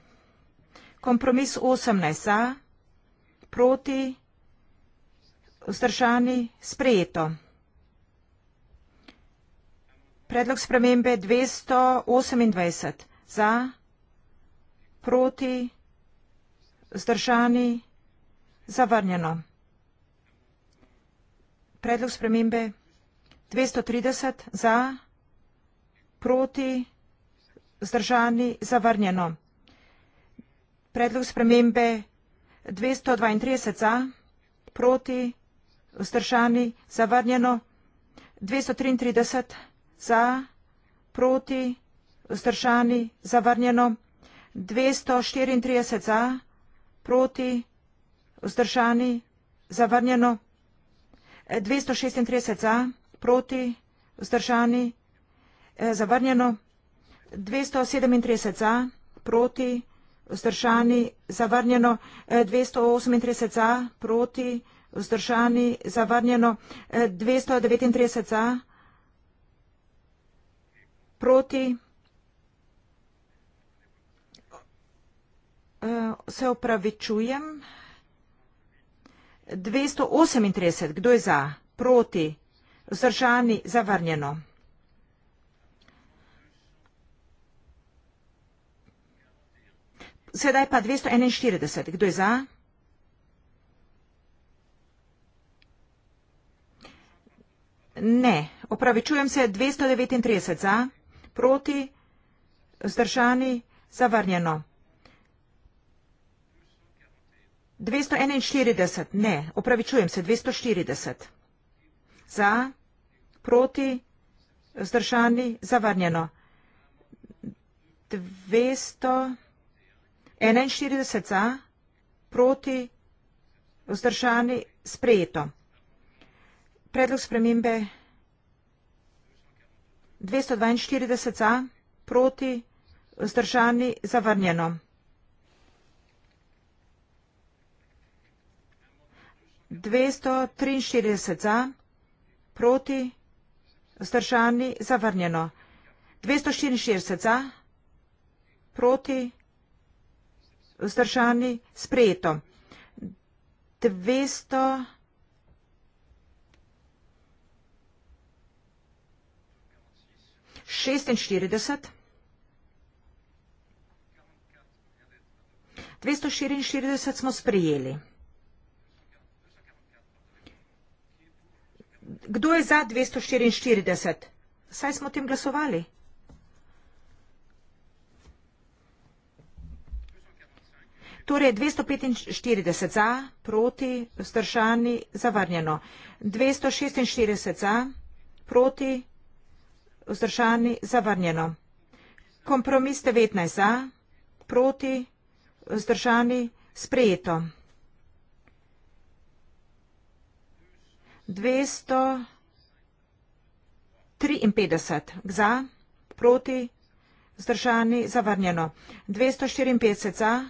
Kompromis 18 za, proti, vzdržani, sprejeto. Predlog spremembe 228 za, proti, zdržani, zavrnjeno. Predlog spremembe 230 za, proti, zdržani, zavrnjeno. Predlog spremembe 232 za, proti, zdržani, zavrnjeno. 233 za za, proti, vzdržani, zavrnjeno, 234 za, proti, vzdržani, zavrnjeno, 236 eh, za, proti, vzdržani, zavrnjeno, 237 eh, za, proti, vzdržani, zavrnjeno, 238 eh, za, proti, vzdržani, zavrnjeno, 239 za, proti, proti, uh, se opravičujem. 238, kdo je za, proti, vzdržani, zavrnjeno. Sedaj pa 241, kdo je za? Ne, opravičujem se, 239 za proti, zdržani, zavrnjeno. 241, ne, opravičujem se, 240. Za, proti, zdržani, zavrnjeno. 241 za, proti, zdržani, sprejeto. Predlog spremembe. 242 za, proti, vzdržani, zavrnjeno. dvesto triinštirideset za proti vzdržani zavrnjeno dvesto štiriinštirideset za proti vzdržani sprejeto dvesto 46, 244 smo sprejeli. Kdo je za 244? Saj smo tem glasovali. 245. Torej 245 za, proti, vzdržani, zavrnjeno. 246 za, proti, vzdržani vzdržani zavrnjeno. Kompromis 19 za, proti, vzdržani sprejeto. 253 za, proti, vzdržani zavrnjeno. 254 za,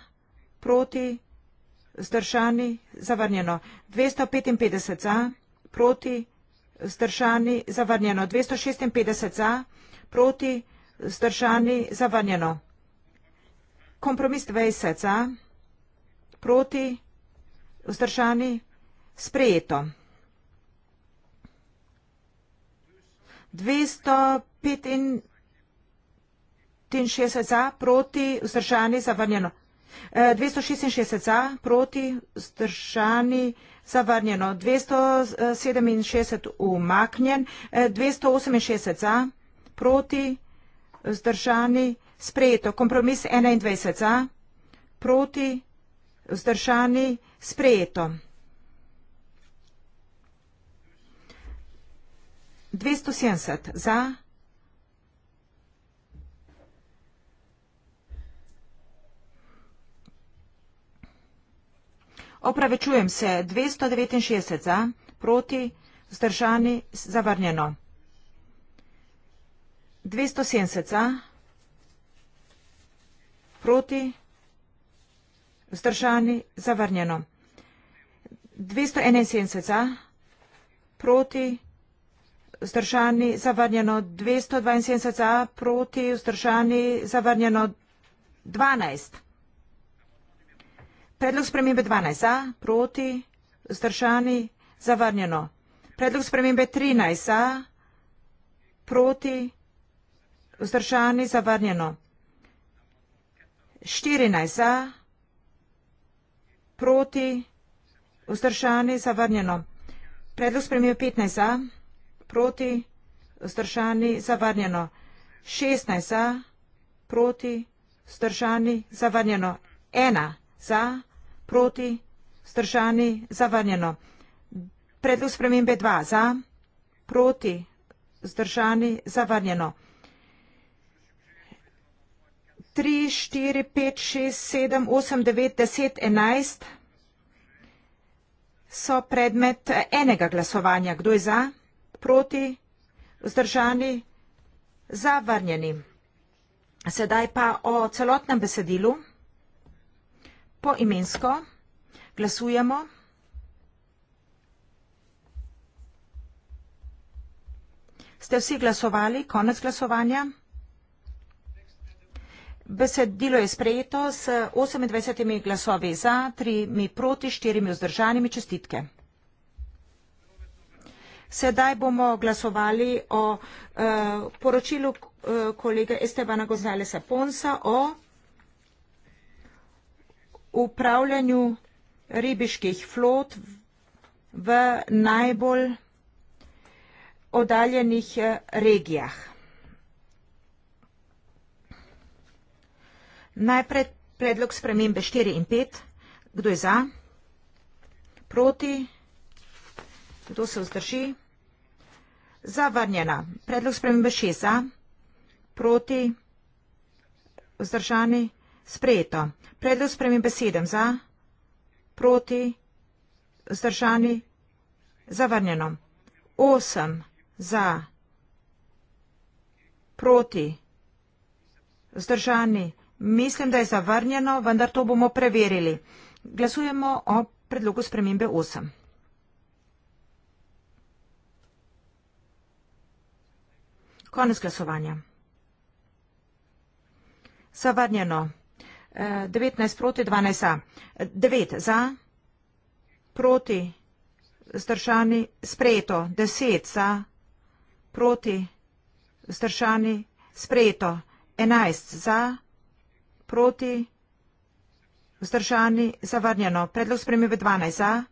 proti, vzdržani zavrnjeno. 255 za, proti, vzdržani zavrnjeno. Zdržani, zavrnjeno. 256 za, proti, zdržani, zavrnjeno. Kompromis 20 za, proti, zdržani, sprejeto. 265 za, proti, zdržani, zavrnjeno. 266 eh, za, proti, zdržani, zavrnjeno zavrnjeno, 267 eh, umaknjen, 268 eh, za, proti, vzdržani, sprejeto, kompromis 21 za, proti, vzdržani, sprejeto. 270 za, Opravičujem se, 269 za, proti, vzdržani, zavrnjeno. 270 za, proti, vzdržani, zavrnjeno. 271 za, proti, vzdržani, zavrnjeno. 272 za, proti, vzdržani, zavrnjeno. 12. Predlog spremembe 12 za, proti, zdržani, zavrnjeno. Predlog spremembe 13 za, proti, zdržani, zavrnjeno. 14 za, proti, zdržani, zavrnjeno. Predlog spremembe 15 za, proti, zdržani, zavrnjeno. 16 za, proti, zdržani, zavrnjeno. 1 za, proti proti, stržani, zavrnjeno. Predlog spremembe 2 za, proti, zdržani, zavrnjeno. 3, 4, 5, 6, 7, 8, 9, 10, 11 so predmet enega glasovanja. Kdo je za, proti, zdržani, zavrnjeni. Sedaj pa o celotnem besedilu poimensko glasujemo. Ste vsi glasovali? Konec glasovanja? Besedilo je sprejeto s 28 glasovi za, 3 proti, 4 vzdržanimi čestitke. Sedaj bomo glasovali o uh, poročilu uh, eh, kolega Estebana Gonzalesa Ponsa o upravljanju ribiških flot v najbolj oddaljenih eh, regijah. Najprej predlog spremembe štiri in pet. Kdo je za? Proti? Kdo se vzdrži? Zavrnjena. Predlog spremembe šest za? Proti? Vzdržani? Sprejeto. Predlog spremem besedem za, proti, zdržani, zavrnjeno. Osem za, proti, zdržani. Mislim, da je zavrnjeno, vendar to bomo preverili. Glasujemo o predlogu spremembe 8. Konec glasovanja. Zavrnjeno. 19 proti 12 za. 9 za, proti, zdržani, sprejeto. 10 za, proti, zdržani, sprejeto. 11 za, proti, zdržani, zavrnjeno. Predlog spremembe 12 za,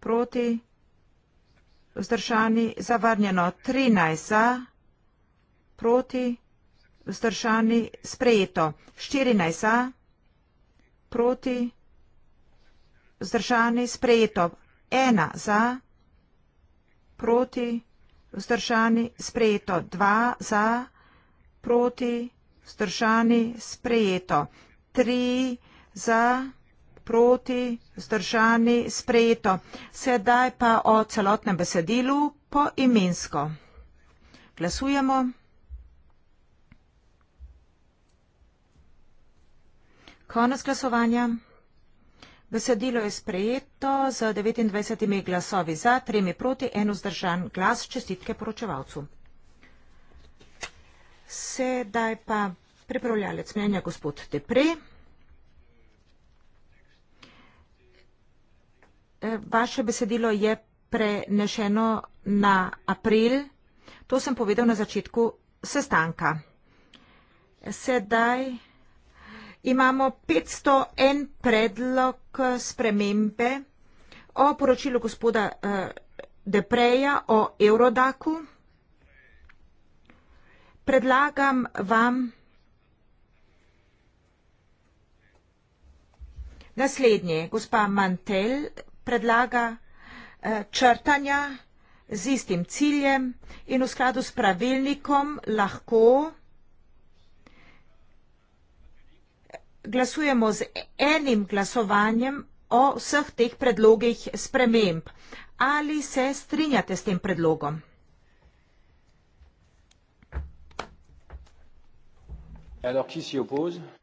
proti, zdržani, zavrnjeno. 13 za, proti, zdržani, zavrnjeno vzdržani sprejeto. 14 za, proti, vzdržani sprejeto. 1 za, proti, vzdržani sprejeto. 2 za, proti, vzdržani sprejeto. 3 za, proti, vzdržani sprejeto. Sedaj pa o celotnem besedilu po imensko. Glasujemo. Konec glasovanja. Besedilo je sprejeto z 29 glasovi za, tremi proti, eno zdržan glas, čestitke poročevalcu. Sedaj pa pripravljalec mnenja gospod Depre. E, vaše besedilo je prenešeno na april. To sem povedal na začetku sestanka. Sedaj Imamo 501 predlog spremembe o poročilu gospoda eh, Depreja o Eurodaku. Predlagam vam naslednje. Gospa Mantel predlaga eh, črtanja z istim ciljem in v skladu s pravilnikom lahko predlaga glasujemo z enim glasovanjem o vseh teh predlogih sprememb. Ali se strinjate s tem predlogom?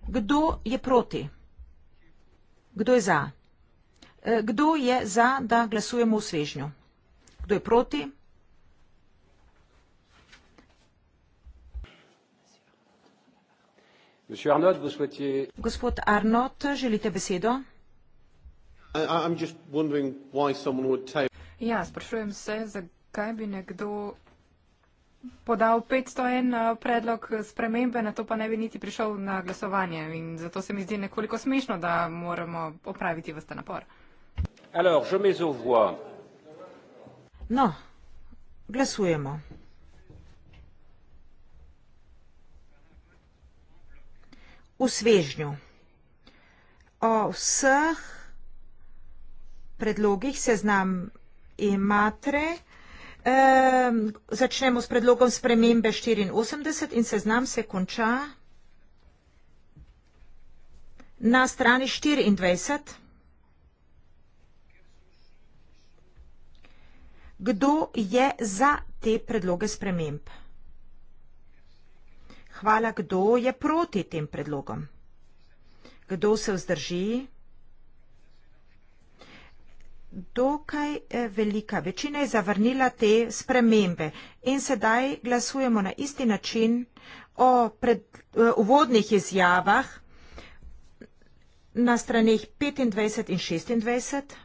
Kdo je proti? Kdo je za? Eh, kdo je za, da glasujemo v svežnju? Kdo je proti? Kdo je proti? Gospod Arnot, želite besedo? Ja, sprašujem se, zakaj bi nekdo podal 501 uh, predlog spremembe, na to pa ne bi niti prišel na glasovanje. In zato se mi zdi nekoliko smešno, da moramo opraviti vsta napor. Alors, no, glasujemo. v svežnju. O vseh predlogih seznam imate. E, začnemo s predlogom spremembe 84 in seznam se konča na strani 24. Kdo je za te predloge spremembe? hvala, kdo je proti tem predlogom. Kdo se vzdrži? Dokaj eh, velika večina je zavrnila te spremembe in sedaj glasujemo na isti način o eh, uvodnih izjavah na straneh 25 in 26.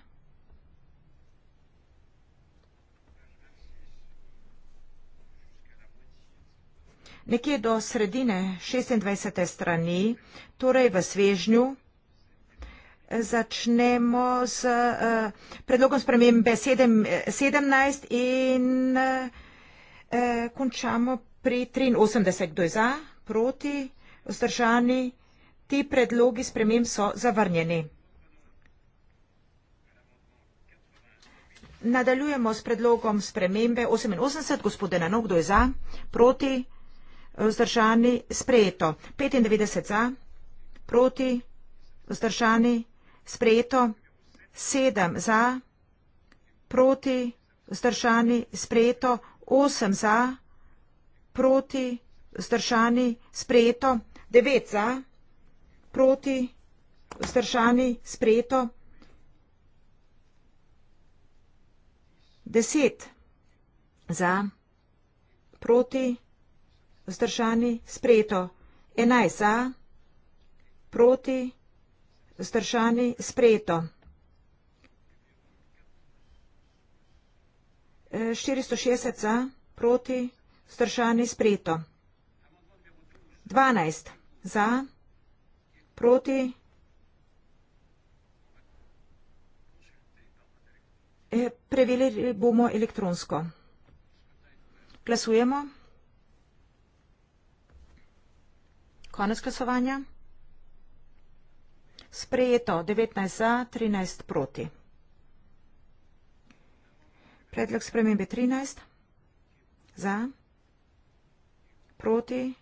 nekje do sredine 26. strani, torej v svežnju, začnemo z eh, predlogom spremembe 17 eh, in eh, končamo pri 83. Kdo je za, proti, vzdržani? Ti predlogi spremem so zavrnjeni. Nadaljujemo s predlogom spremembe 88. Gospod Denanov, kdo je za, proti, vzdržani? vzdržani, sprejeto. 95 za, proti, vzdržani, sprejeto. 7 za, proti, vzdržani, sprejeto. 8 za, proti, vzdržani, sprejeto. 9 za, proti, vzdržani, sprejeto. 10 za, proti, vzdržani, sprejeto vzdržani, sprejeto. 11 za, proti, vzdržani, sprejeto. 460 e, za, proti, vzdržani, sprejeto. 12 za, proti. E, preverili bomo elektronsko. Glasujemo. Konec glasovanja. Sprejeto 19 za, 13 proti. Predlog spremembe 13. Za. Proti.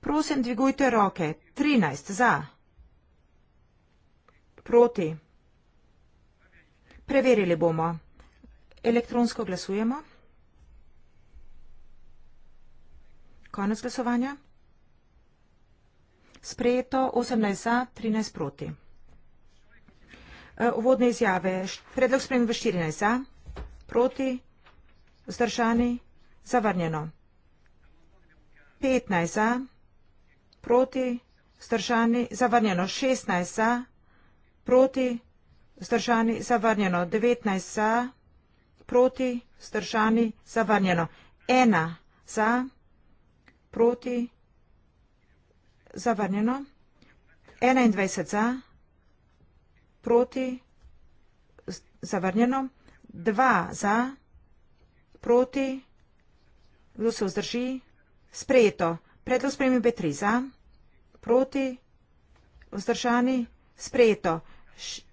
Prosim, dvigujte roke. 13 za. Proti. Preverili bomo. Elektronsko glasujemo. Konec glasovanja. Sprejeto 18 za, 13 proti. Eh, uvodne izjave. Predlog spremembe 14 za, proti, zdržani, zavrnjeno. 15 za, proti, zdržani, zavrnjeno. 16 za, proti, zdržani, zavrnjeno. 19 za, proti, zdržani, zavrnjeno. 1 za, proti, zdržani, zavrnjeno proti, zavrnjeno, 21 za, proti, zavrnjeno, 2 za, proti, kdo se vzdrži, sprejeto, predlog spremembe 3 za, proti, vzdržani, sprejeto,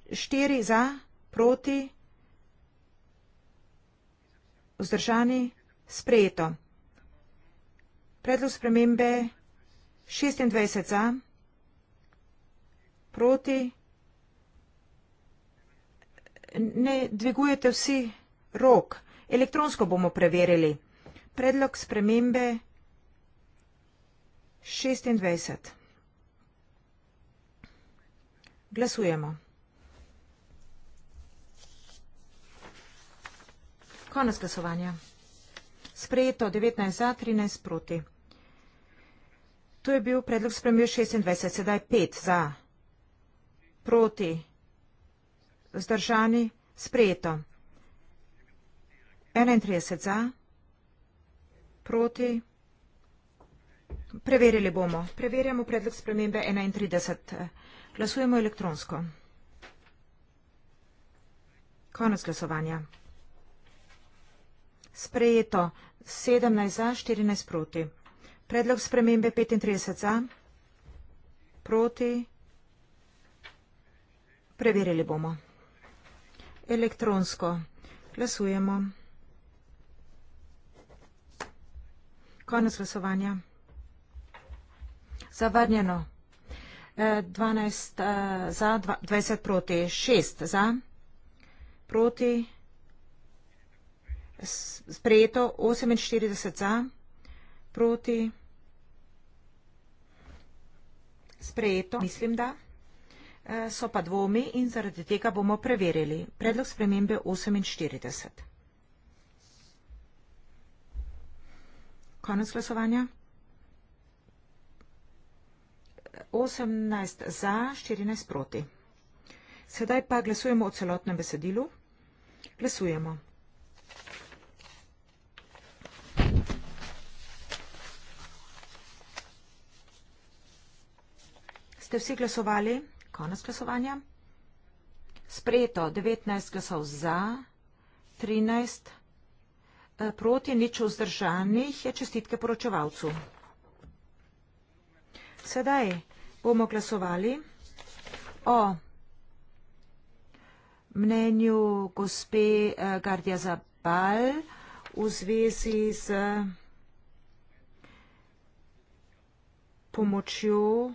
4 za, proti, vzdržani, sprejeto. Predlog spremembe 26 za, proti, ne dvigujete vsi rok. Elektronsko bomo preverili. Predlog spremembe 26. Glasujemo. Konec glasovanja. Sprejeto 19 za, 13 proti. To je bil predlog spremljiv 26, sedaj 5 za, proti, vzdržani, sprejeto. 31 za, proti, preverili bomo. Preverjamo predlog spremembe 31. Glasujemo elektronsko. Konec glasovanja. Sprejeto 17 za, 14 proti. Predlog spremembe 35 za, proti. Preverili bomo. Elektronsko. Glasujemo. Konec glasovanja. Zavrnjeno. 12 e, e, za, 20 proti, 6 za, proti, sprejeto, 48 za, proti sprejeto, mislim da. Eh, so pa dvomi in zaradi tega bomo preverili predlog spremembe 48. Konec glasovanja. 18 za, 14 proti. Sedaj pa glasujemo o celotnem besedilu. Glasujemo. Ste vsi glasovali? Konec glasovanja. Sprejeto 19 glasov za, 13 eh, proti, nič vzdržanih je čestitke poročevalcu. Sedaj bomo glasovali o mnenju gospe eh, Gardija Zabal v zvezi z pomočjo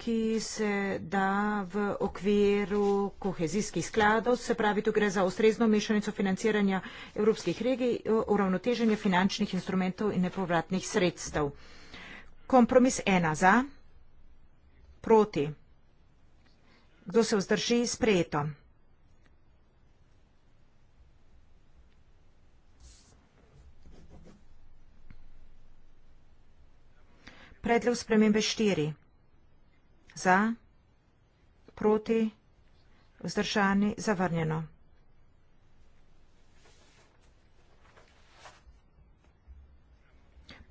ki se da v okviru kohezijskih skladov, se pravi, tu gre za ustrezno mešanico financiranja evropskih regij, uravnoteženje finančnih instrumentov in nepovratnih sredstev. Kompromis ena za, proti. Kdo se vzdrži sprejeto? Predlog spremembe 4. Za, proti, vzdržani, zavrnjeno.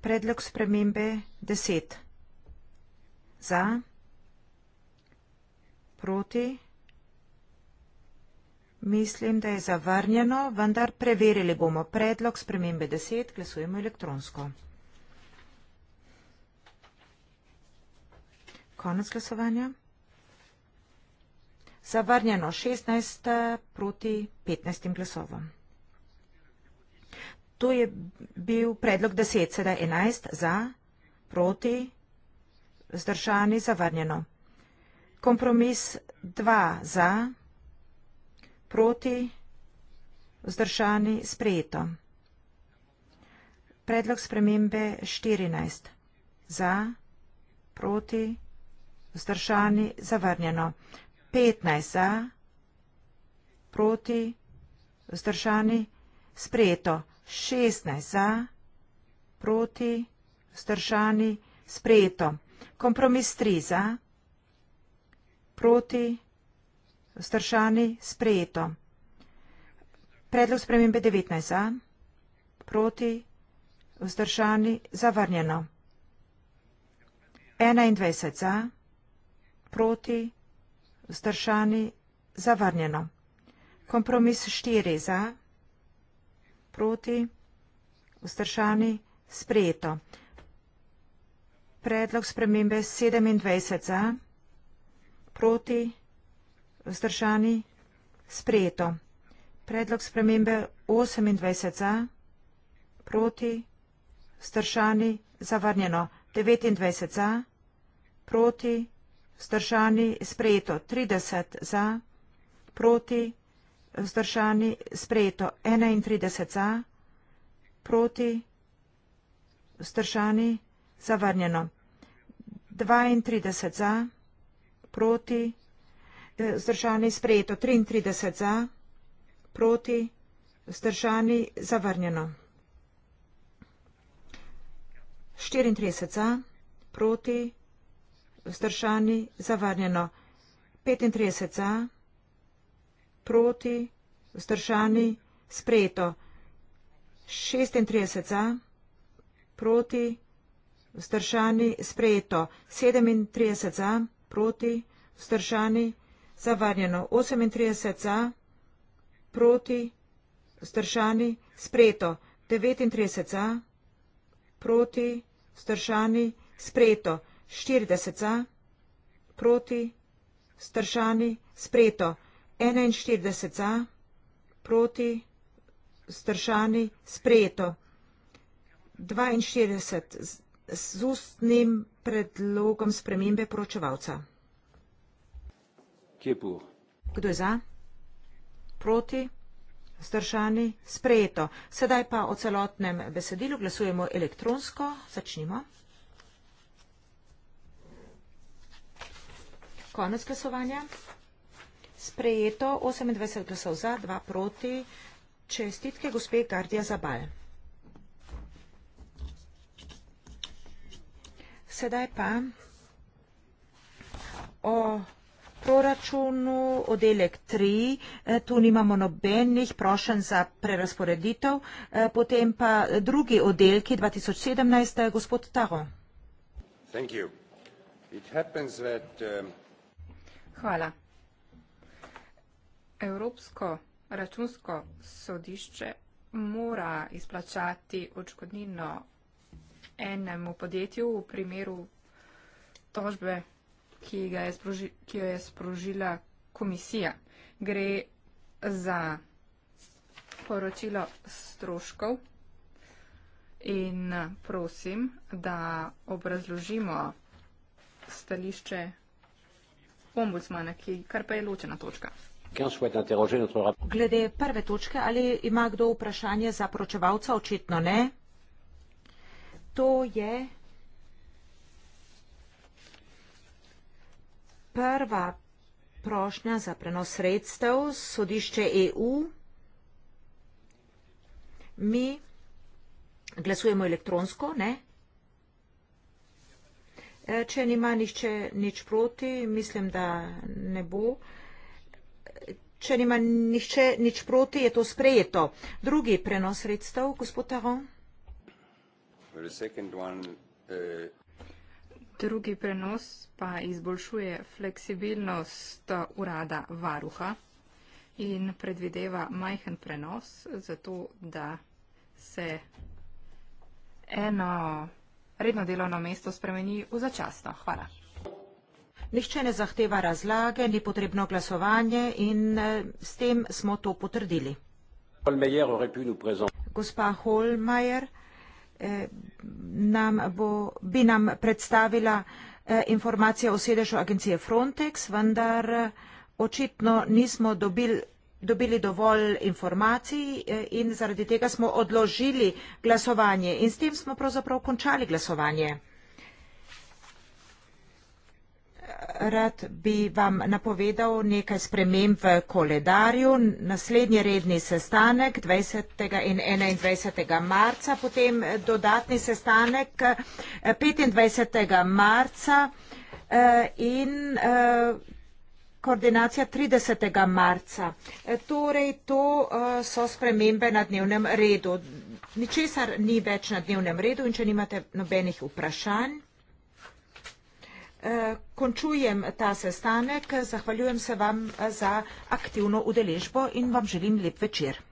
Predlog spremembe 10. Za, proti, mislim, da je zavrnjeno, vendar preverili bomo predlog spremembe 10, glasujemo elektronsko. Konec glasovanja. Zavrnjeno 16 eh, proti 15 glasovom. To je bil predlog 10, sedaj 11 za, proti, zdržani, zavrnjeno. Kompromis 2 za, proti, zdržani, sprejeto. Predlog spremembe 14 za, proti, zdržani. Vzdržani zavrnjeno. 15 za, proti, vzdržani sprejeto. 16 za, proti, vzdržani sprejeto. Kompromis 3 za, proti, vzdržani sprejeto. Predlog spremembe 19 za, proti, vzdržani zavrnjeno. 21 za, proti, vzdržani sprejeto proti, vzdržani, zavrnjeno. Kompromis štiri za, proti, vzdržani, sprejeto. Predlog spremembe 27 za, proti, vzdržani, sprejeto. Predlog spremembe 28 za, proti, vzdržani, zavrnjeno. 29 za, proti, vzdržani vzdržani, sprejeto 30 za, proti vzdržani, sprejeto 31 za, proti vzdržani, zavrnjeno 32 za, proti vzdržani, sprejeto 33 za, proti vzdržani, zavrnjeno 34 za, proti vzdržani, vzdržani, zavarnjeno 35 za, proti, vzdržani, sprejeto 36 za, proti, vzdržani, sprejeto 37 za, proti, vzdržani, zavarnjeno 38 za, proti, vzdržani, sprejeto 39 za, proti, vzdržani, sprejeto 40 za, proti, stršani, sprejeto. 41 za, proti, stršani, sprejeto. 42 z ustnim predlogom spremembe poročevalca. Kdo je za? Proti, stršani, sprejeto. Sedaj pa o celotnem besedilu glasujemo elektronsko. Začnimo. Konec glasovanja. Sprejeto 28 glasov za, 2 proti. Čestitke gospe Gardija Zabal. Sedaj pa o proračunu oddelek 3. E, tu nimamo nobenih prošen za prerasporeditev. E, potem pa drugi oddelki 2017. E, gospod Taro. Thank you. It happens that um, Hvala. Evropsko računsko sodišče mora izplačati očkodnino enemu podjetju v primeru tožbe, ki, je sproži, ki jo je sprožila komisija. Gre za poročilo stroškov in prosim, da obrazložimo stališče ombudsmana, ki kar pa je ločena točka. Glede prve točke, ali ima kdo vprašanje za poročevalca, očitno ne. To je prva prošnja za prenos sredstev sodišče EU. Mi glasujemo elektronsko, ne? če nima nihče nič proti, mislim, da ne bo. Če nima nihče nič proti, je to sprejeto. Drugi prenos sredstev, gospod Taron. Eh, Drugi prenos pa izboljšuje fleksibilnost urada varuha in predvideva majhen prenos, zato da se eno redno delovno mesto spremeni v začasno. Hvala. Nihče ne zahteva razlage, ni potrebno glasovanje in eh, s tem smo to potrdili. Gospa Holmeier eh, nam bo, bi nam predstavila eh, informacije o sedežu agencije Frontex, vendar očitno nismo dobili dobili dovolj informacij e, in zaradi tega smo odložili glasovanje in s tem smo pravzaprav končali glasovanje. Rad bi vam napovedal nekaj sprememb v koledarju. Naslednji redni sestanek 20. in 21. marca, potem dodatni sestanek 25. E, marca e, in koordinacija 30. marca. E, torej, to e, so spremembe na dnevnem redu. Ničesar ni več na dnevnem redu in če nimate nobenih vprašanj, e, končujem ta sestanek. Zahvaljujem se vam za aktivno udeležbo in vam želim lep večer.